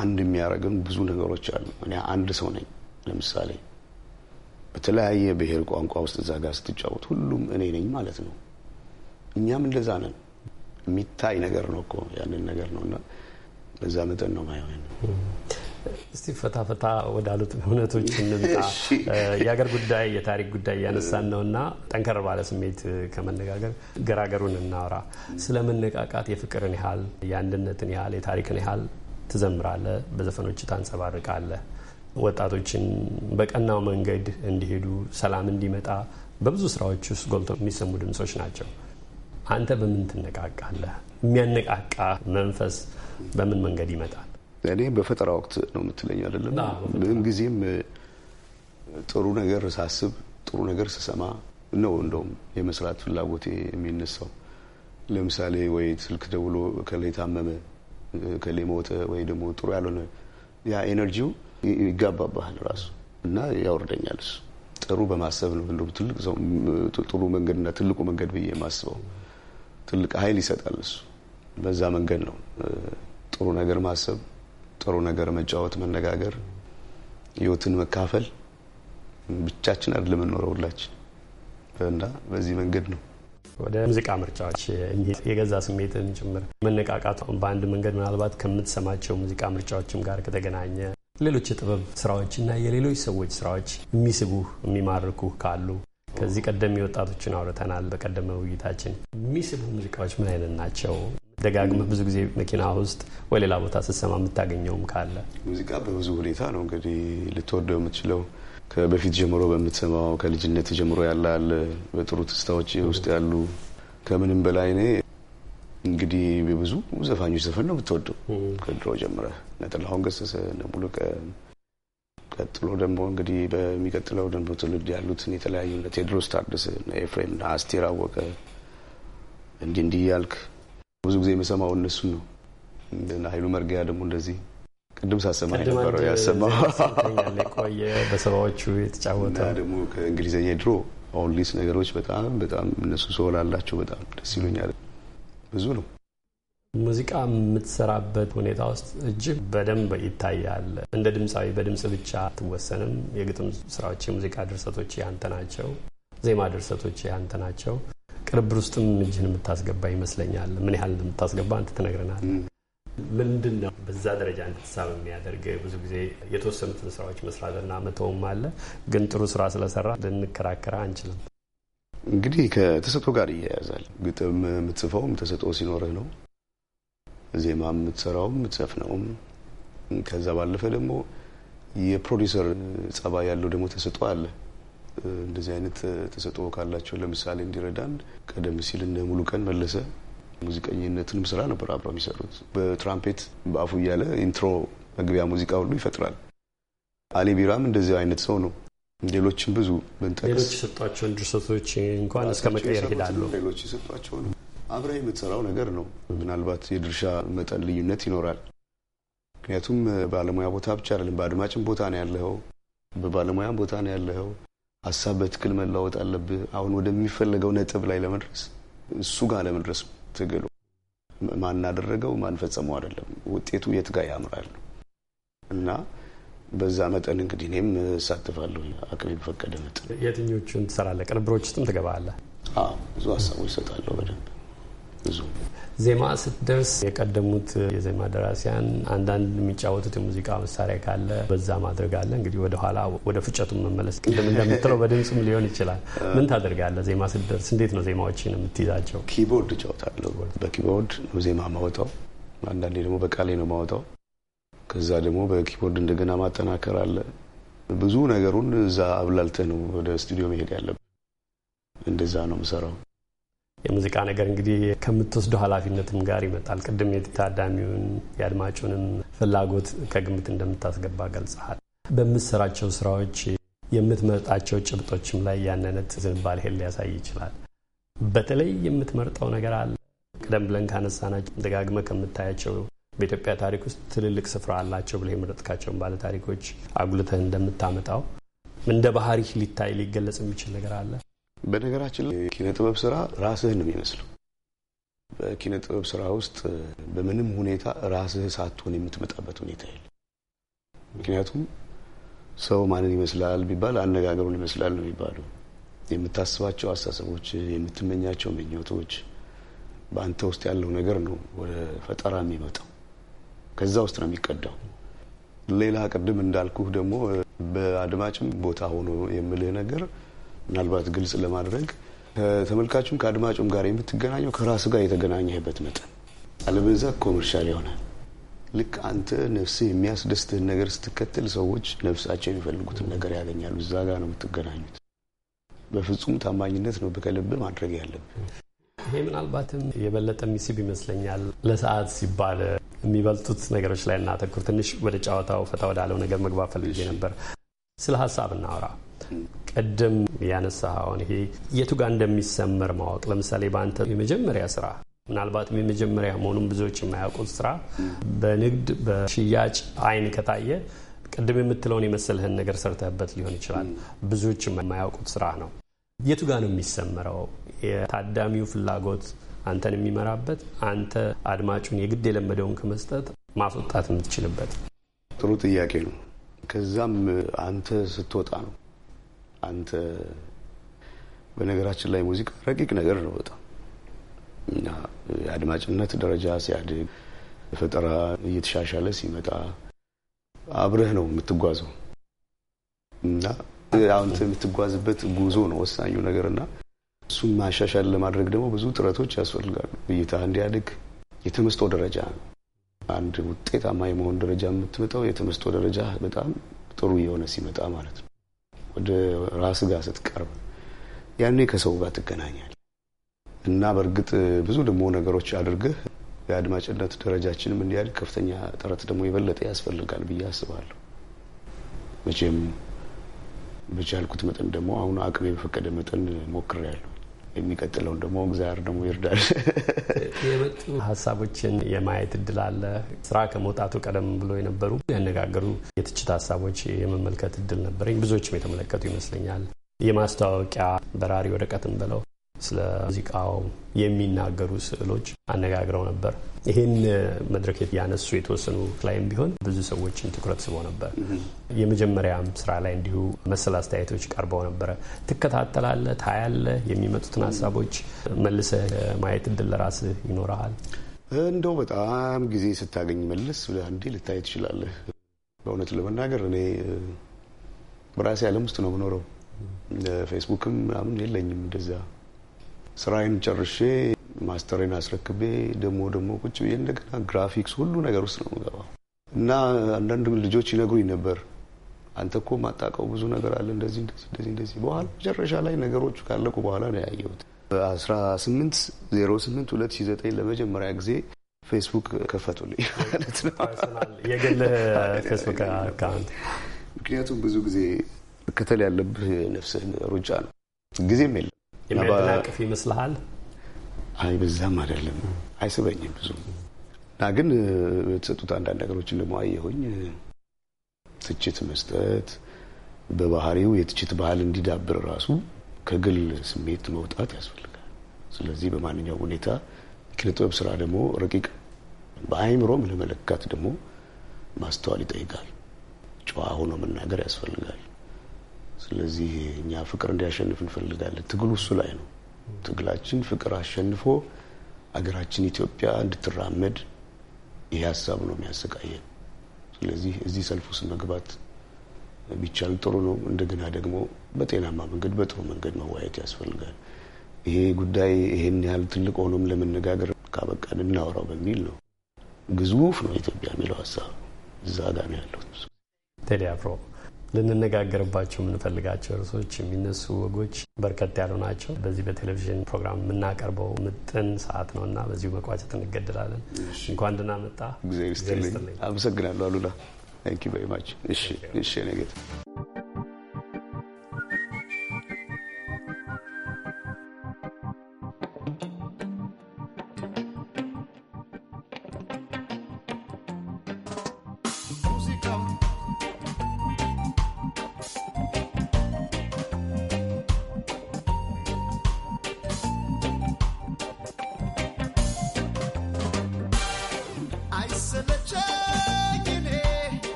አንድ የሚያደርገን ብዙ ነገሮች አሉ። እኔ አንድ ሰው ነኝ። ለምሳሌ በተለያየ ብሔር ቋንቋ ውስጥ እዛ ጋር ስትጫወት ሁሉም እኔ ነኝ ማለት ነው። እኛም እንደዛ ነን። የሚታይ ነገር ነው እኮ ያንን ነገር ነው እና በዛ መጠን ነው ማየው እስቲ ፈታፈታ ወዳሉት እውነቶች እንምጣ። የሀገር ጉዳይ የታሪክ ጉዳይ እያነሳን ነው እና ጠንከር ባለ ስሜት ከመነጋገር ገራገሩን እናውራ። ስለ መነቃቃት የፍቅርን ያህል የአንድነትን ያህል የታሪክን ያህል ትዘምራለህ፣ በዘፈኖች ታንጸባርቃለ ወጣቶችን በቀናው መንገድ እንዲሄዱ ሰላም እንዲመጣ በብዙ ስራዎች ውስጥ ጎልቶ የሚሰሙ ድምጾች ናቸው። አንተ በምን ትነቃቃለህ? የሚያነቃቃ መንፈስ በምን መንገድ ይመጣል? እኔ በፈጠራ ወቅት ነው የምትለኝ አይደለም። ምንም ጊዜም ጥሩ ነገር ሳስብ፣ ጥሩ ነገር ስሰማ ነው እንደውም የመስራት ፍላጎቴ የሚነሳው። ለምሳሌ ወይ ስልክ ደውሎ ከላይ ታመመ፣ ከላይ ሞተ፣ ወይ ደግሞ ጥሩ ያልሆነ ያ ኤነርጂው ይጋባባሃል ራሱ እና ያወርደኛል እሱ ጥሩ በማሰብ ነው እንደውም ትልቅ ሰው ጥሩ መንገድና ትልቁ መንገድ ብዬ የማስበው ትልቅ ኃይል ይሰጣል እሱ። በዛ መንገድ ነው ጥሩ ነገር ማሰብ ጥሩ ነገር መጫወት፣ መነጋገር፣ ህይወትን መካፈል። ብቻችን አይደለም የምንኖረው ሁላችን እና በዚህ መንገድ ነው ወደ ሙዚቃ ምርጫዎች የገዛ ስሜትን ጭምር መነቃቃት በአንድ መንገድ ምናልባት ከምትሰማቸው ሙዚቃ ምርጫዎችም ጋር ከተገናኘ ሌሎች የጥበብ ስራዎችና የሌሎች ሰዎች ስራዎች የሚስቡ የሚማርኩ ካሉ ከዚህ ቀደም የወጣቶችን አውርተናል። በቀደመ ውይይታችን የሚስቡ ሙዚቃዎች ምን አይነት ናቸው? ደጋግመህ ብዙ ጊዜ መኪና ውስጥ ወይ ሌላ ቦታ ስትሰማ የምታገኘውም ካለ ሙዚቃ በብዙ ሁኔታ ነው እንግዲህ ልትወደው የምትችለው በፊት ጀምሮ በምትሰማው ከልጅነት ጀምሮ ያላል በጥሩ ትስታዎች ውስጥ ያሉ ከምንም በላይ እኔ እንግዲህ ብዙ ዘፋኞች ዘፈን ነው ብትወደው ከድሮ ጀምረ እነ ገሰሰ ነሙሉቀ ቀጥሎ ደግሞ እንግዲህ በሚቀጥለው ደግሞ ትውልድ ያሉትን የተለያዩ ቴድሮስ ታደሰ፣ ኤፍሬም፣ አስቴር አወቀ እንዲህ እንዲህ እያልክ ብዙ ጊዜ የምሰማው እነሱን ነው። ሀይሉ መርጊያ ደግሞ እንደዚህ ቅድም ሳሰማ ነበረው ያሰማው ቆየ በሰባዎቹ የተጫወተ ደግሞ ከእንግሊዝኛ ድሮ ኦንሊስ ነገሮች በጣም በጣም እነሱ ሰው አላቸው። በጣም ደስ ይሉኛል። ብዙ ነው ሙዚቃ የምትሰራበት ሁኔታ ውስጥ እጅግ በደንብ ይታያል። እንደ ድምፃዊ በድምፅ ብቻ አትወሰንም። የግጥም ስራዎች፣ የሙዚቃ ድርሰቶች ያንተ ናቸው። ዜማ ድርሰቶች ያንተ ናቸው። ቅርብር ውስጥም እጅህን የምታስገባ ይመስለኛል። ምን ያህል እንደምታስገባ አንተ ትነግረናል። ምንድን ነው በዛ ደረጃ እንድትሳብ የሚያደርግ? ብዙ ጊዜ የተወሰኑትን ስራዎች መስራትና መተውም አለ፣ ግን ጥሩ ስራ ስለሰራ ልንከራከር አንችልም። እንግዲህ ከተሰጦ ጋር እያያዛል። ግጥም የምትጽፈውም ተሰጦ ሲኖርህ ነው። ዜማ የምትሰራውም ነው። ከዛ ባለፈ ደግሞ የፕሮዲውሰር ጸባይ ያለው ደግሞ ተሰጦ አለ እንደዚህ አይነት ተሰጥኦ ካላቸው ለምሳሌ እንዲረዳን ቀደም ሲል እነ ሙሉ ቀን መለሰ ሙዚቀኝነትንም ስራ ነበር አብረው የሚሰሩት። በትራምፔት በአፉ እያለ ኢንትሮ መግቢያ ሙዚቃ ሁሉ ይፈጥራል። አሊ ቢራም እንደዚህ አይነት ሰው ነው። ሌሎችም ብዙ ብንጠቅስ ሌሎች የሰጧቸውን ድርሰቶች እንኳን እስከ መቀየር ሄዳሉ። ሌሎች ነው። አብረህ የምትሰራው ነገር ነው። ምናልባት የድርሻ መጠን ልዩነት ይኖራል። ምክንያቱም ባለሙያ ቦታ ብቻ አይደለም፣ በአድማጭም ቦታ ነው ያለኸው፣ በባለሙያም ቦታ ነው ያለኸው። ሀሳብ በትክክል መለዋወጥ አለብህ። አሁን ወደሚፈለገው ነጥብ ላይ ለመድረስ እሱ ጋር ለመድረስ ትግሉ ማናደረገው ማንፈጸመው አይደለም። ውጤቱ የት ጋር ያምራል እና በዛ መጠን እንግዲህ እኔም እሳትፋለሁ አቅሜ በፈቀደ መጠን። የትኞቹን ትሰራለህ? ቅንብሮች ውስጥም ትገባለህ? ብዙ ሀሳቦች እሰጣለሁ በደንብ ብዙ ዜማ ስትደርስ የቀደሙት የዜማ ደራሲያን አንዳንድ የሚጫወቱት የሙዚቃ መሳሪያ ካለ በዛ ማድረግ አለ። እንግዲህ ወደኋላ ወደ ፍጨቱን መመለስ ቅድም እንደምትለው በድምፅም ሊሆን ይችላል። ምን ታደርጋለህ? ዜማ ስትደርስ እንዴት ነው ዜማዎችን የምትይዛቸው? ኪቦርድ እጫወታለሁ። በኪቦርድ ነው ዜማ ማወጣው። አንዳንዴ ደግሞ በቃሌ ነው ማወጣው። ከዛ ደግሞ በኪቦርድ እንደገና ማጠናከር አለ። ብዙ ነገሩን እዛ አብላልተህ ነው ወደ ስቱዲዮ መሄድ ያለብህ። እንደዛ ነው የምሰራው። የሙዚቃ ነገር እንግዲህ ከምትወስዱ ኃላፊነትም ጋር ይመጣል። ቅድም የታዳሚውን የአድማጩንም ፍላጎት ከግምት እንደምታስገባ ገልጸሃል። በምትሰራቸው ስራዎች የምትመርጣቸው ጭብጦችም ላይ ዝንባል ዝንባሌ ሊያሳይ ይችላል። በተለይ የምትመርጠው ነገር አለ? ቀደም ብለን ካነሳናቸው ደጋግመ ከምታያቸው በኢትዮጵያ ታሪክ ውስጥ ትልልቅ ስፍራ አላቸው ብለህ የመረጥካቸውን ባለ ታሪኮች አጉልተህ እንደምታመጣው እንደ ባህሪህ ሊታይ ሊገለጽ የሚችል ነገር አለ? በነገራችን ላይ ኪነ ጥበብ ስራ ራስህን ነው የሚመስለው። በኪነ ጥበብ ስራ ውስጥ በምንም ሁኔታ ራስህ ሳትሆን የምትመጣበት ሁኔታ የለ። ምክንያቱም ሰው ማንን ይመስላል ቢባል አነጋገሩን ይመስላል ነው የሚባሉ የምታስባቸው አስተሳሰቦች፣ የምትመኛቸው ምኞቶች፣ በአንተ ውስጥ ያለው ነገር ነው ወደ ፈጠራ የሚመጣው። ከዛ ውስጥ ነው የሚቀዳው። ሌላ ቅድም እንዳልኩህ ደግሞ በአድማጭም ቦታ ሆኖ የምልህ ነገር ምናልባት ግልጽ ለማድረግ ከተመልካቹም ከአድማጩም ጋር የምትገናኘው ከራስ ጋር የተገናኘህበት መጠን አለበዛ ኮመርሻል የሆነ ልክ አንተ ነፍስህ የሚያስደስትህን ነገር ስትከተል ሰዎች ነፍሳቸው የሚፈልጉትን ነገር ያገኛሉ። እዛ ጋር ነው የምትገናኙት። በፍጹም ታማኝነት ነው በከልብ ማድረግ ያለብህ። ይሄ ምናልባትም የበለጠ ሚስብ ይመስለኛል። ለሰዓት ሲባል የሚበልጡት ነገሮች ላይ እናተኩር። ትንሽ ወደ ጨዋታው ፈታ ወዳለው ነገር መግባት ፈልጌ ነበር። ስለ ሀሳብ እናወራ። ቅድም ያነሳኸውን ይሄ የቱ ጋር እንደሚሰመር ማወቅ ለምሳሌ በአንተ የመጀመሪያ ስራ ምናልባትም የመጀመሪያ መሆኑን ብዙዎች የማያውቁት ስራ በንግድ በሽያጭ አይን ከታየ ቅድም የምትለውን የመሰልህን ነገር ሰርተህበት ሊሆን ይችላል። ብዙዎች የማያውቁት ስራ ነው። የቱ ጋር ነው የሚሰመረው? የታዳሚው ፍላጎት አንተን የሚመራበት አንተ አድማጩን የግድ የለመደውን ከመስጠት ማስወጣት የምትችልበት። ጥሩ ጥያቄ ነው። ከዛም አንተ ስትወጣ ነው አንተ በነገራችን ላይ ሙዚቃ ረቂቅ ነገር ነው በጣም እና የአድማጭነት ደረጃ ሲያድግ ፈጠራ እየተሻሻለ ሲመጣ አብረህ ነው የምትጓዘው እና አንተ የምትጓዝበት ጉዞ ነው ወሳኙ ነገር እና እሱም ማሻሻል ለማድረግ ደግሞ ብዙ ጥረቶች ያስፈልጋሉ። እይታ እንዲያድግ የተመስጦ ደረጃ አንድ ውጤታማ የመሆን ደረጃ የምትመጣው የተመስጦ ደረጃ በጣም ጥሩ የሆነ ሲመጣ ማለት ነው። ወደ ራስ ጋር ስትቀርብ ያኔ ከሰው ጋር ትገናኛል እና በእርግጥ ብዙ ደግሞ ነገሮች አድርገህ የአድማጭነት ደረጃችንም እንዲያድግ ከፍተኛ ጥረት ደግሞ የበለጠ ያስፈልጋል ብዬ አስባለሁ። መቼም በቻልኩት መጠን ደግሞ አሁን አቅሜ በፈቀደ መጠን ሞክሬያለሁ። የሚቀጥለውን ደግሞ እግዚአብሔር ደግሞ ይርዳል። የመጡ ሀሳቦችን የማየት እድል አለ። ስራ ከመውጣቱ ቀደም ብሎ የነበሩ ያነጋገሩ የትችት ሀሳቦች የመመልከት እድል ነበረኝ። ብዙዎችም የተመለከቱ ይመስለኛል። የማስታወቂያ በራሪ ወረቀትን ብለው ስለ ሙዚቃው የሚናገሩ ስዕሎች አነጋግረው ነበር። ይህን መድረክ ያነሱ የተወሰኑ ላይም ቢሆን ብዙ ሰዎችን ትኩረት ስቦ ነበር። የመጀመሪያም ስራ ላይ እንዲሁ መሰል አስተያየቶች ቀርበው ነበረ። ትከታተላለ፣ ታያለ የሚመጡትን ሀሳቦች መልሰህ ማየት እድል ለራስህ ይኖረሃል። እንደው በጣም ጊዜ ስታገኝ መልስ ብለህ ልታይ ትችላለህ። በእውነት ለመናገር እኔ በራሴ ዓለም ውስጥ ነው የምኖረው። ፌስቡክም ምናምን የለኝም እንደዛ ስራዬን ጨርሼ ማስተሬን አስረክቤ ደግሞ ደግሞ ቁጭ ብዬ እንደገና ግራፊክስ ሁሉ ነገር ውስጥ ነው የምገባው እና አንዳንድ ልጆች ይነግሩኝ ነበር አንተ እኮ ማጣቀው ብዙ ነገር አለ እንደዚህ እንደዚህ እንደዚህ። እንደዚህ በኋላ መጨረሻ ላይ ነገሮቹ ካለቁ በኋላ ነው ያየሁት። 18 08 2009 ለመጀመሪያ ጊዜ ፌስቡክ ከፈቱልኝ ማለት ነው። ፌስቡክ አካውንት ምክንያቱም ብዙ ጊዜ መከተል ያለብህ ነፍስህን ሩጫ ነው፣ ጊዜም የለም የሚያደናቅፍ ይመስልሃል? አይ በዛም አይደለም አይስበኝም ብዙ እና ግን የተሰጡት አንዳንድ ነገሮችን ደግሞ አየሁኝ። ትችት መስጠት በባህሪው የትችት ባህል እንዲዳብር ራሱ ከግል ስሜት መውጣት ያስፈልጋል። ስለዚህ በማንኛውም ሁኔታ ኪነጥበብ ስራ ደግሞ ረቂቅ በአይምሮም ለመለካት ደግሞ ማስተዋል ይጠይቃል። ጨዋ ሆኖ መናገር ያስፈልጋል። ስለዚህ እኛ ፍቅር እንዲያሸንፍ እንፈልጋለን። ትግሉ እሱ ላይ ነው። ትግላችን ፍቅር አሸንፎ አገራችን ኢትዮጵያ እንድትራመድ ይሄ ሀሳብ ነው የሚያሰቃየን። ስለዚህ እዚህ ሰልፍ ውስጥ መግባት ቢቻል ጥሩ ነው። እንደገና ደግሞ በጤናማ መንገድ በጥሩ መንገድ መዋየት ያስፈልጋል። ይሄ ጉዳይ ይሄን ያህል ትልቅ ሆኖም ለመነጋገር ካበቃን እናወራው በሚል ነው። ግዙፍ ነው ኢትዮጵያ የሚለው ሀሳብ እዛ ጋር ነው ያለው ቴሌ አፍሮ ልንነጋገርባቸው የምንፈልጋቸው እርሶች የሚነሱ ወጎች በርከት ያሉ ናቸው። በዚህ በቴሌቪዥን ፕሮግራም የምናቀርበው ምጥን ሰዓት ነው እና በዚሁ መቋጨት እንገድላለን። እንኳን ደህና መጣ። እግዚአብሔር ይስጥልኝ። አመሰግናለሁ አሉላ። ታንክ ዩ ማች። እሺ እሺ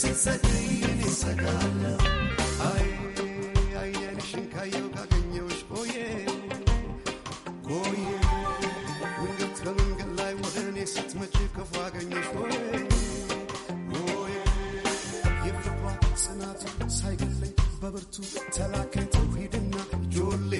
ስትሰግይን ይሰጋለሁ አይ አየንሽን ካየው ካገኘውሽ ቆየ ቆየ ድንገት በመንገድ ላይ ወደ እኔ ስትመጪ ከፉ አገኘሽ ቆየ በብርቱ ተላከኝ ተውሂድና ጆሌ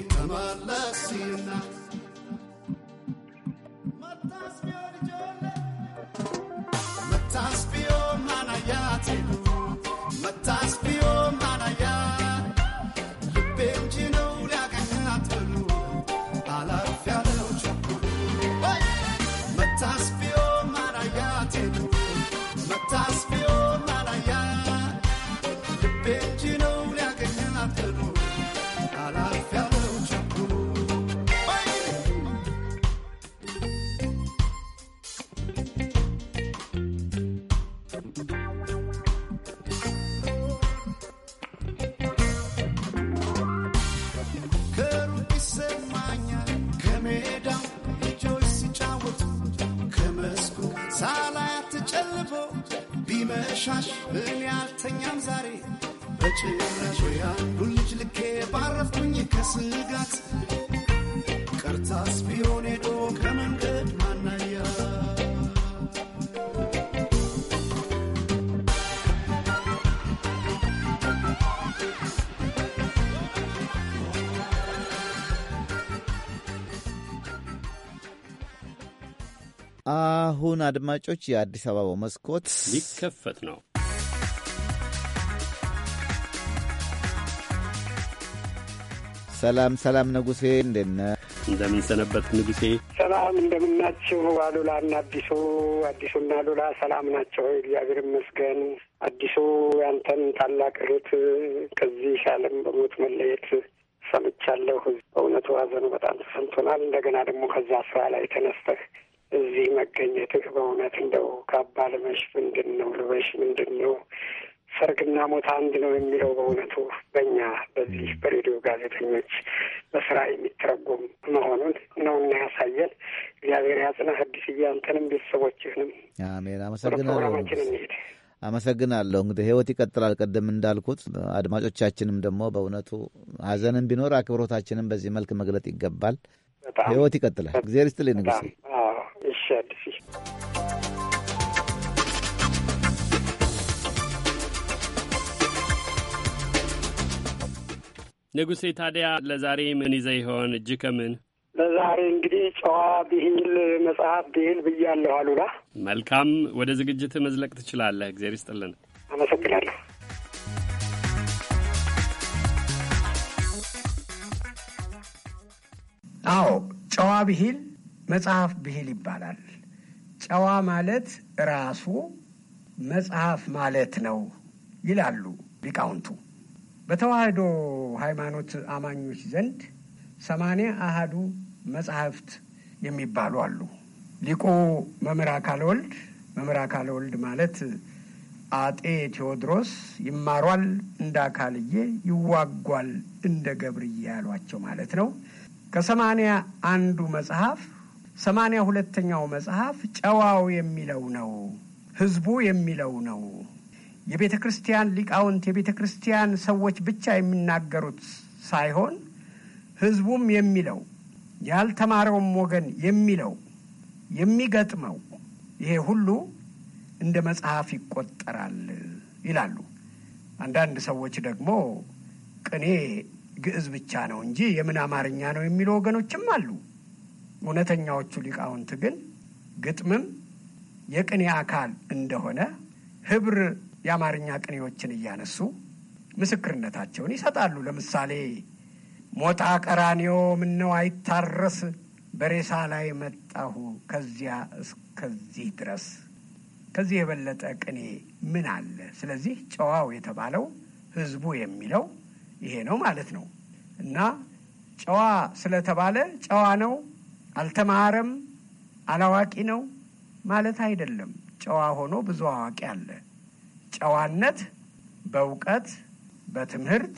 አሁን አድማጮች፣ የአዲስ አበባው መስኮት ሊከፈት ነው። ሰላም ሰላም፣ ንጉሴ እንደነ እንደምን ሰነበት ንጉሴ። ሰላም እንደምናችሁ አሉላና አዲሱ። አዲሱና አሉላ ሰላም ናቸው። እግዚአብሔር ይመስገን። አዲሱ ያንተን ታላቅ እህት ከዚህ ዓለም በሞት መለየት ሰምቻለሁ። በእውነቱ ሐዘኑ በጣም ተሰምቶናል። እንደገና ደግሞ ከዛ ስራ ላይ ተነስተህ እዚህ መገኘትህ በእውነት እንደው ካባ ልበሽ ምንድን ነው ልበሽ ምንድን ነው ሰርግና ሞት አንድ ነው የሚለው በእውነቱ በእኛ በዚህ በሬዲዮ ጋዜጠኞች በስራ የሚተረጎም መሆኑን ነው እና ያሳየን። እግዚአብሔር ያጽናህ አዲስ እያንተንም ቤተሰቦችህንም። አሜን። አመሰግናለሁ። እንሄድ አመሰግናለሁ። እንግዲህ ህይወት ይቀጥላል። ቀደም እንዳልኩት አድማጮቻችንም ደግሞ በእውነቱ ሀዘንም ቢኖር አክብሮታችንም በዚህ መልክ መግለጥ ይገባል። ህይወት ይቀጥላል። እግዚአብሔር ይስጥልኝ ንጉሴ። እሺ አዲስ ንጉሴ ታዲያ ለዛሬ ምን ይዘ ይሆን? እጅ ከምን ለዛሬ እንግዲህ ጨዋ ብሂል መጽሐፍ ብሂል ብያለሁ። አሉላ መልካም፣ ወደ ዝግጅት መዝለቅ ትችላለህ። እግዜር ይስጥልን። አመሰግናለሁ። አዎ ጨዋ ብሂል መጽሐፍ ብሂል ይባላል። ጨዋ ማለት ራሱ መጽሐፍ ማለት ነው ይላሉ ሊቃውንቱ። በተዋህዶ ሃይማኖት አማኞች ዘንድ ሰማንያ አሃዱ መጽሐፍት የሚባሉ አሉ። ሊቁ መምህር አካለ ወልድ መምህር አካለ ወልድ ማለት አጤ ቴዎድሮስ ይማሯል እንደ አካልዬ ይዋጓል እንደ ገብርዬ ያሏቸው ማለት ነው። ከሰማንያ አንዱ መጽሐፍ ሰማንያ ሁለተኛው መጽሐፍ ጨዋው የሚለው ነው። ህዝቡ የሚለው ነው። የቤተ ክርስቲያን ሊቃውንት፣ የቤተ ክርስቲያን ሰዎች ብቻ የሚናገሩት ሳይሆን ህዝቡም የሚለው ያልተማረውም ወገን የሚለው የሚገጥመው ይሄ ሁሉ እንደ መጽሐፍ ይቆጠራል ይላሉ። አንዳንድ ሰዎች ደግሞ ቅኔ ግዕዝ ብቻ ነው እንጂ የምን አማርኛ ነው የሚሉ ወገኖችም አሉ። እውነተኛዎቹ ሊቃውንት ግን ግጥምም የቅኔ አካል እንደሆነ ህብር የአማርኛ ቅኔዎችን እያነሱ ምስክርነታቸውን ይሰጣሉ። ለምሳሌ ሞጣ ቀራንዮ ምነው አይታረስ በሬሳ ላይ መጣሁ ከዚያ እስከዚህ ድረስ ከዚህ የበለጠ ቅኔ ምን አለ? ስለዚህ ጨዋው የተባለው ህዝቡ የሚለው ይሄ ነው ማለት ነው እና ጨዋ ስለተባለ ጨዋ ነው አልተማረም፣ አላዋቂ ነው ማለት አይደለም። ጨዋ ሆኖ ብዙ አዋቂ አለ። ጨዋነት በእውቀት፣ በትምህርት፣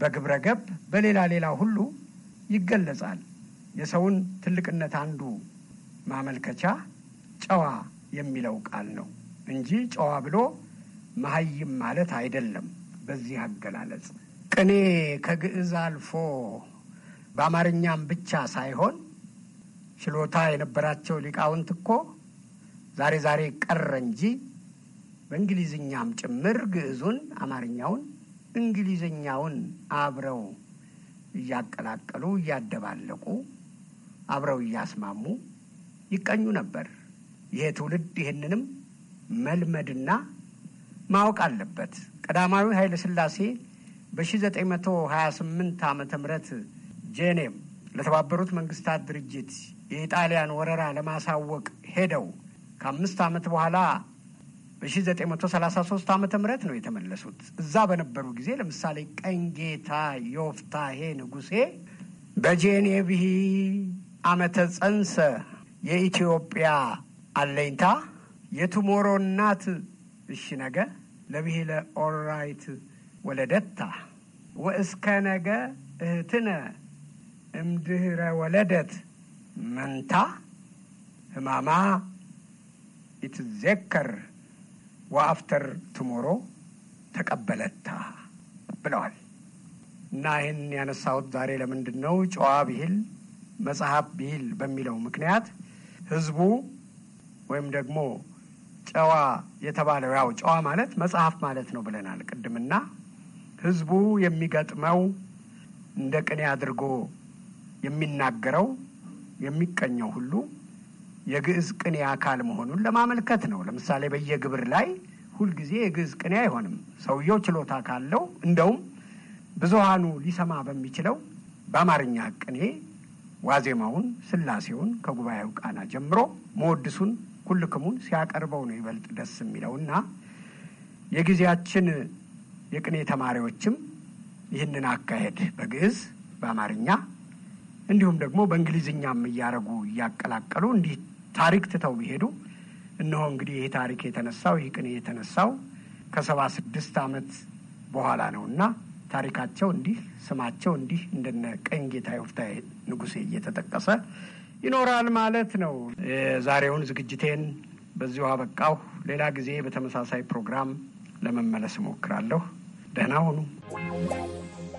በግብረገብ በሌላ ሌላ ሁሉ ይገለጻል። የሰውን ትልቅነት አንዱ ማመልከቻ ጨዋ የሚለው ቃል ነው እንጂ ጨዋ ብሎ መሀይም ማለት አይደለም። በዚህ አገላለጽ ቅኔ ከግዕዝ አልፎ በአማርኛም ብቻ ሳይሆን ችሎታ የነበራቸው ሊቃውንት እኮ ዛሬ ዛሬ ቀረ እንጂ በእንግሊዝኛም ጭምር ግዕዙን፣ አማርኛውን፣ እንግሊዝኛውን አብረው እያቀላቀሉ እያደባለቁ አብረው እያስማሙ ይቀኙ ነበር። ይሄ ትውልድ ይህንንም መልመድና ማወቅ አለበት። ቀዳማዊ ኃይለ ሥላሴ በ1928 ዓ ም ጄኔቭ ለተባበሩት መንግስታት ድርጅት የኢጣሊያን ወረራ ለማሳወቅ ሄደው ከአምስት ዓመት በኋላ በ1933 ዓ ምህረት ነው የተመለሱት። እዛ በነበሩ ጊዜ ለምሳሌ ቀንጌታ ዮፍታሄ ንጉሴ በጄኔቪሂ ዓመተ ጸንሰ የኢትዮጵያ አለኝታ የቱሞሮ እናት እሺ ነገ ለብሄለ ኦራይት ወለደታ ወእስከ ነገ እህትነ እምድህረ ወለደት መንታ ህማማ ይትዘከር ወአፍተር ትሞሮ ተቀበለታ ብለዋል እና ይህን ያነሳሁት ዛሬ ለምንድን ነው ጨዋ ብሂል መጽሐፍ ብሂል በሚለው ምክንያት ህዝቡ ወይም ደግሞ ጨዋ የተባለው ያው ጨዋ ማለት መጽሐፍ ማለት ነው ብለናል ቅድምና ህዝቡ የሚገጥመው እንደ ቅኔ አድርጎ የሚናገረው የሚቀኘው ሁሉ የግዕዝ ቅኔ አካል መሆኑን ለማመልከት ነው። ለምሳሌ በየግብር ላይ ሁልጊዜ የግዕዝ ቅኔ አይሆንም። ሰውየው ችሎታ ካለው እንደውም ብዙሃኑ ሊሰማ በሚችለው በአማርኛ ቅኔ ዋዜማውን፣ ስላሴውን ከጉባኤው ቃና ጀምሮ መወድሱን፣ ኩልክሙን ሲያቀርበው ነው ይበልጥ ደስ የሚለው እና የጊዜያችን የቅኔ ተማሪዎችም ይህንን አካሄድ በግዕዝ በአማርኛ እንዲሁም ደግሞ በእንግሊዝኛም እያደረጉ እያቀላቀሉ እንዲህ ታሪክ ትተው ቢሄዱ እነሆ እንግዲህ ይህ ታሪክ የተነሳው ይህ ቅኔ የተነሳው ከሰባ ስድስት ዓመት በኋላ ነው እና ታሪካቸው እንዲህ ስማቸው እንዲህ እንደነ ቀኝ ጌታ ይፍታሔ ንጉሴ እየተጠቀሰ ይኖራል ማለት ነው። የዛሬውን ዝግጅቴን በዚሁ አበቃሁ። ሌላ ጊዜ በተመሳሳይ ፕሮግራም ለመመለስ እሞክራለሁ። ደህና ሁኑ።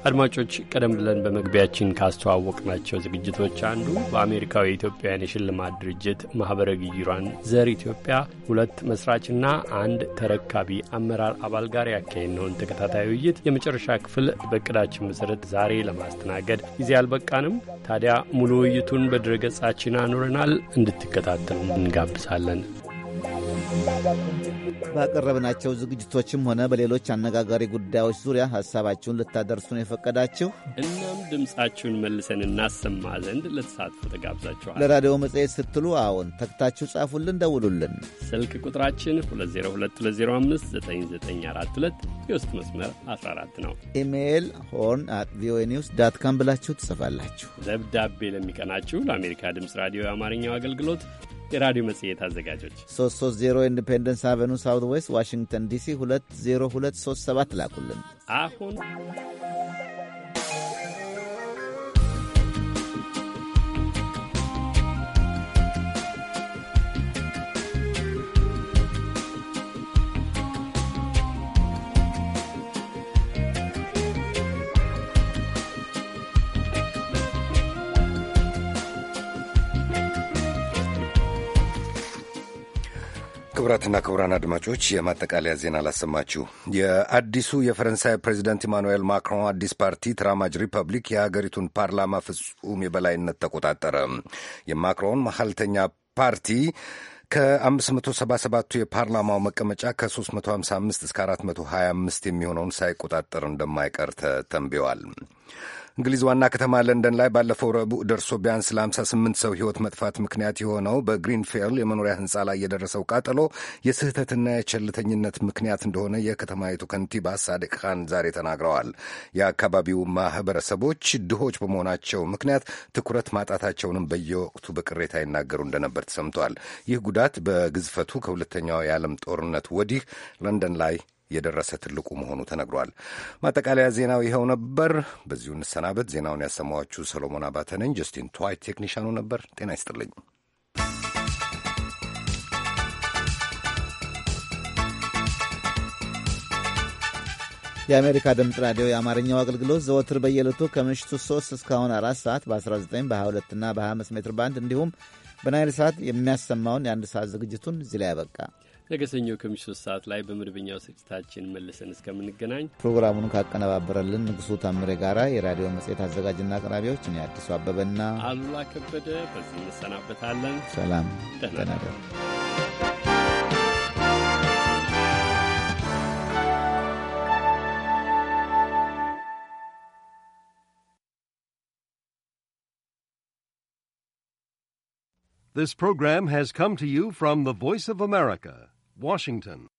አድማጮች ቀደም ብለን በመግቢያችን ካስተዋወቅናቸው ዝግጅቶች አንዱ በአሜሪካዊ የኢትዮጵያውያን የሽልማት ድርጅት ማኅበረ ግይሯን ዘር ኢትዮጵያ ሁለት መስራችና አንድ ተረካቢ አመራር አባል ጋር ያካሄድነውን ተከታታይ ውይይት የመጨረሻ ክፍል በእቅዳችን መሠረት ዛሬ ለማስተናገድ ጊዜ አልበቃንም። ታዲያ ሙሉ ውይይቱን በድረገጻችን አኑረናል። እንድትከታተሉ እንጋብዛለን። ባቀረብናቸው ዝግጅቶችም ሆነ በሌሎች አነጋጋሪ ጉዳዮች ዙሪያ ሀሳባችሁን ልታደርሱን የፈቀዳችሁ እናም ድምፃችሁን መልሰን እናሰማ ዘንድ ለተሳትፎ ተጋብዛችኋል። ለራዲዮ መጽሔት ስትሉ አዎን ተክታችሁ ጻፉልን፣ ደውሉልን። ስልክ ቁጥራችን 2022059942 የውስጥ መስመር 14 ነው። ኢሜይል ሆርን አት ቪኦኤ ኒውስ ዳት ካም ብላችሁ ትጽፋላችሁ። ደብዳቤ ለሚቀናችሁ ለአሜሪካ ድምፅ ራዲዮ የአማርኛው አገልግሎት የራዲዮ መጽሔት አዘጋጆች 330 ኢንዲፔንደንስ አቨኑ ሳውት ዌስት ዋሽንግተን ዲሲ 20237 ላኩልን አሁን ክቡራትና ክቡራን አድማጮች የማጠቃለያ ዜና ላሰማችሁ የአዲሱ የፈረንሳይ ፕሬዚደንት ኢማኑኤል ማክሮን አዲስ ፓርቲ ተራማጅ ሪፐብሊክ የሀገሪቱን ፓርላማ ፍጹም የበላይነት ተቆጣጠረ። የማክሮን መሐልተኛ ፓርቲ ከ577ቱ የፓርላማው መቀመጫ ከ355 እስከ 425 የሚሆነውን ሳይቆጣጠር እንደማይቀር ተተንብዮአል። እንግሊዝ ዋና ከተማ ለንደን ላይ ባለፈው ረቡዕ ደርሶ ቢያንስ ለ58 ሰው ሕይወት መጥፋት ምክንያት የሆነው በግሪንፌል የመኖሪያ ሕንፃ ላይ የደረሰው ቃጠሎ የስህተትና የቸልተኝነት ምክንያት እንደሆነ የከተማይቱ ከንቲባ ሳዲቅ ካን ዛሬ ተናግረዋል። የአካባቢው ማህበረሰቦች ድሆች በመሆናቸው ምክንያት ትኩረት ማጣታቸውንም በየወቅቱ በቅሬታ ይናገሩ እንደነበር ተሰምቷል። ይህ ጉዳት በግዝፈቱ ከሁለተኛው የዓለም ጦርነት ወዲህ ለንደን ላይ የደረሰ ትልቁ መሆኑ ተነግሯል። ማጠቃለያ ዜናው ይኸው ነበር። በዚሁ እንሰናበት። ዜናውን ያሰማኋችሁ ሰሎሞን አባተ ነኝ። ጀስቲን ትዋይት ቴክኒሻኑ ነበር። ጤና ይስጥልኝ። የአሜሪካ ድምፅ ራዲዮ የአማርኛው አገልግሎት ዘወትር በየለቱ ከምሽቱ 3 እስካሁን 4 ሰዓት በ19 በ22 እና በ25 ሜትር ባንድ እንዲሁም በናይል ሰዓት የሚያሰማውን የአንድ ሰዓት ዝግጅቱን እዚህ ላይ ያበቃ። ነገ ሰኞ ከምሽቱ ሶስት ሰዓት ላይ በመደበኛው ስርጭታችን መልሰን እስከምንገናኝ ፕሮግራሙን ካቀነባበረልን ንጉሱ ታምሬ ጋራ የራዲዮ መጽሔት አዘጋጅና አቅራቢዎች እኔ አዲሱ አበበና አሉላ ከበደ በዚህ እንሰናበታለን። ሰላም ደህና ደሩ። This program has come to you from the Voice of America. Washington.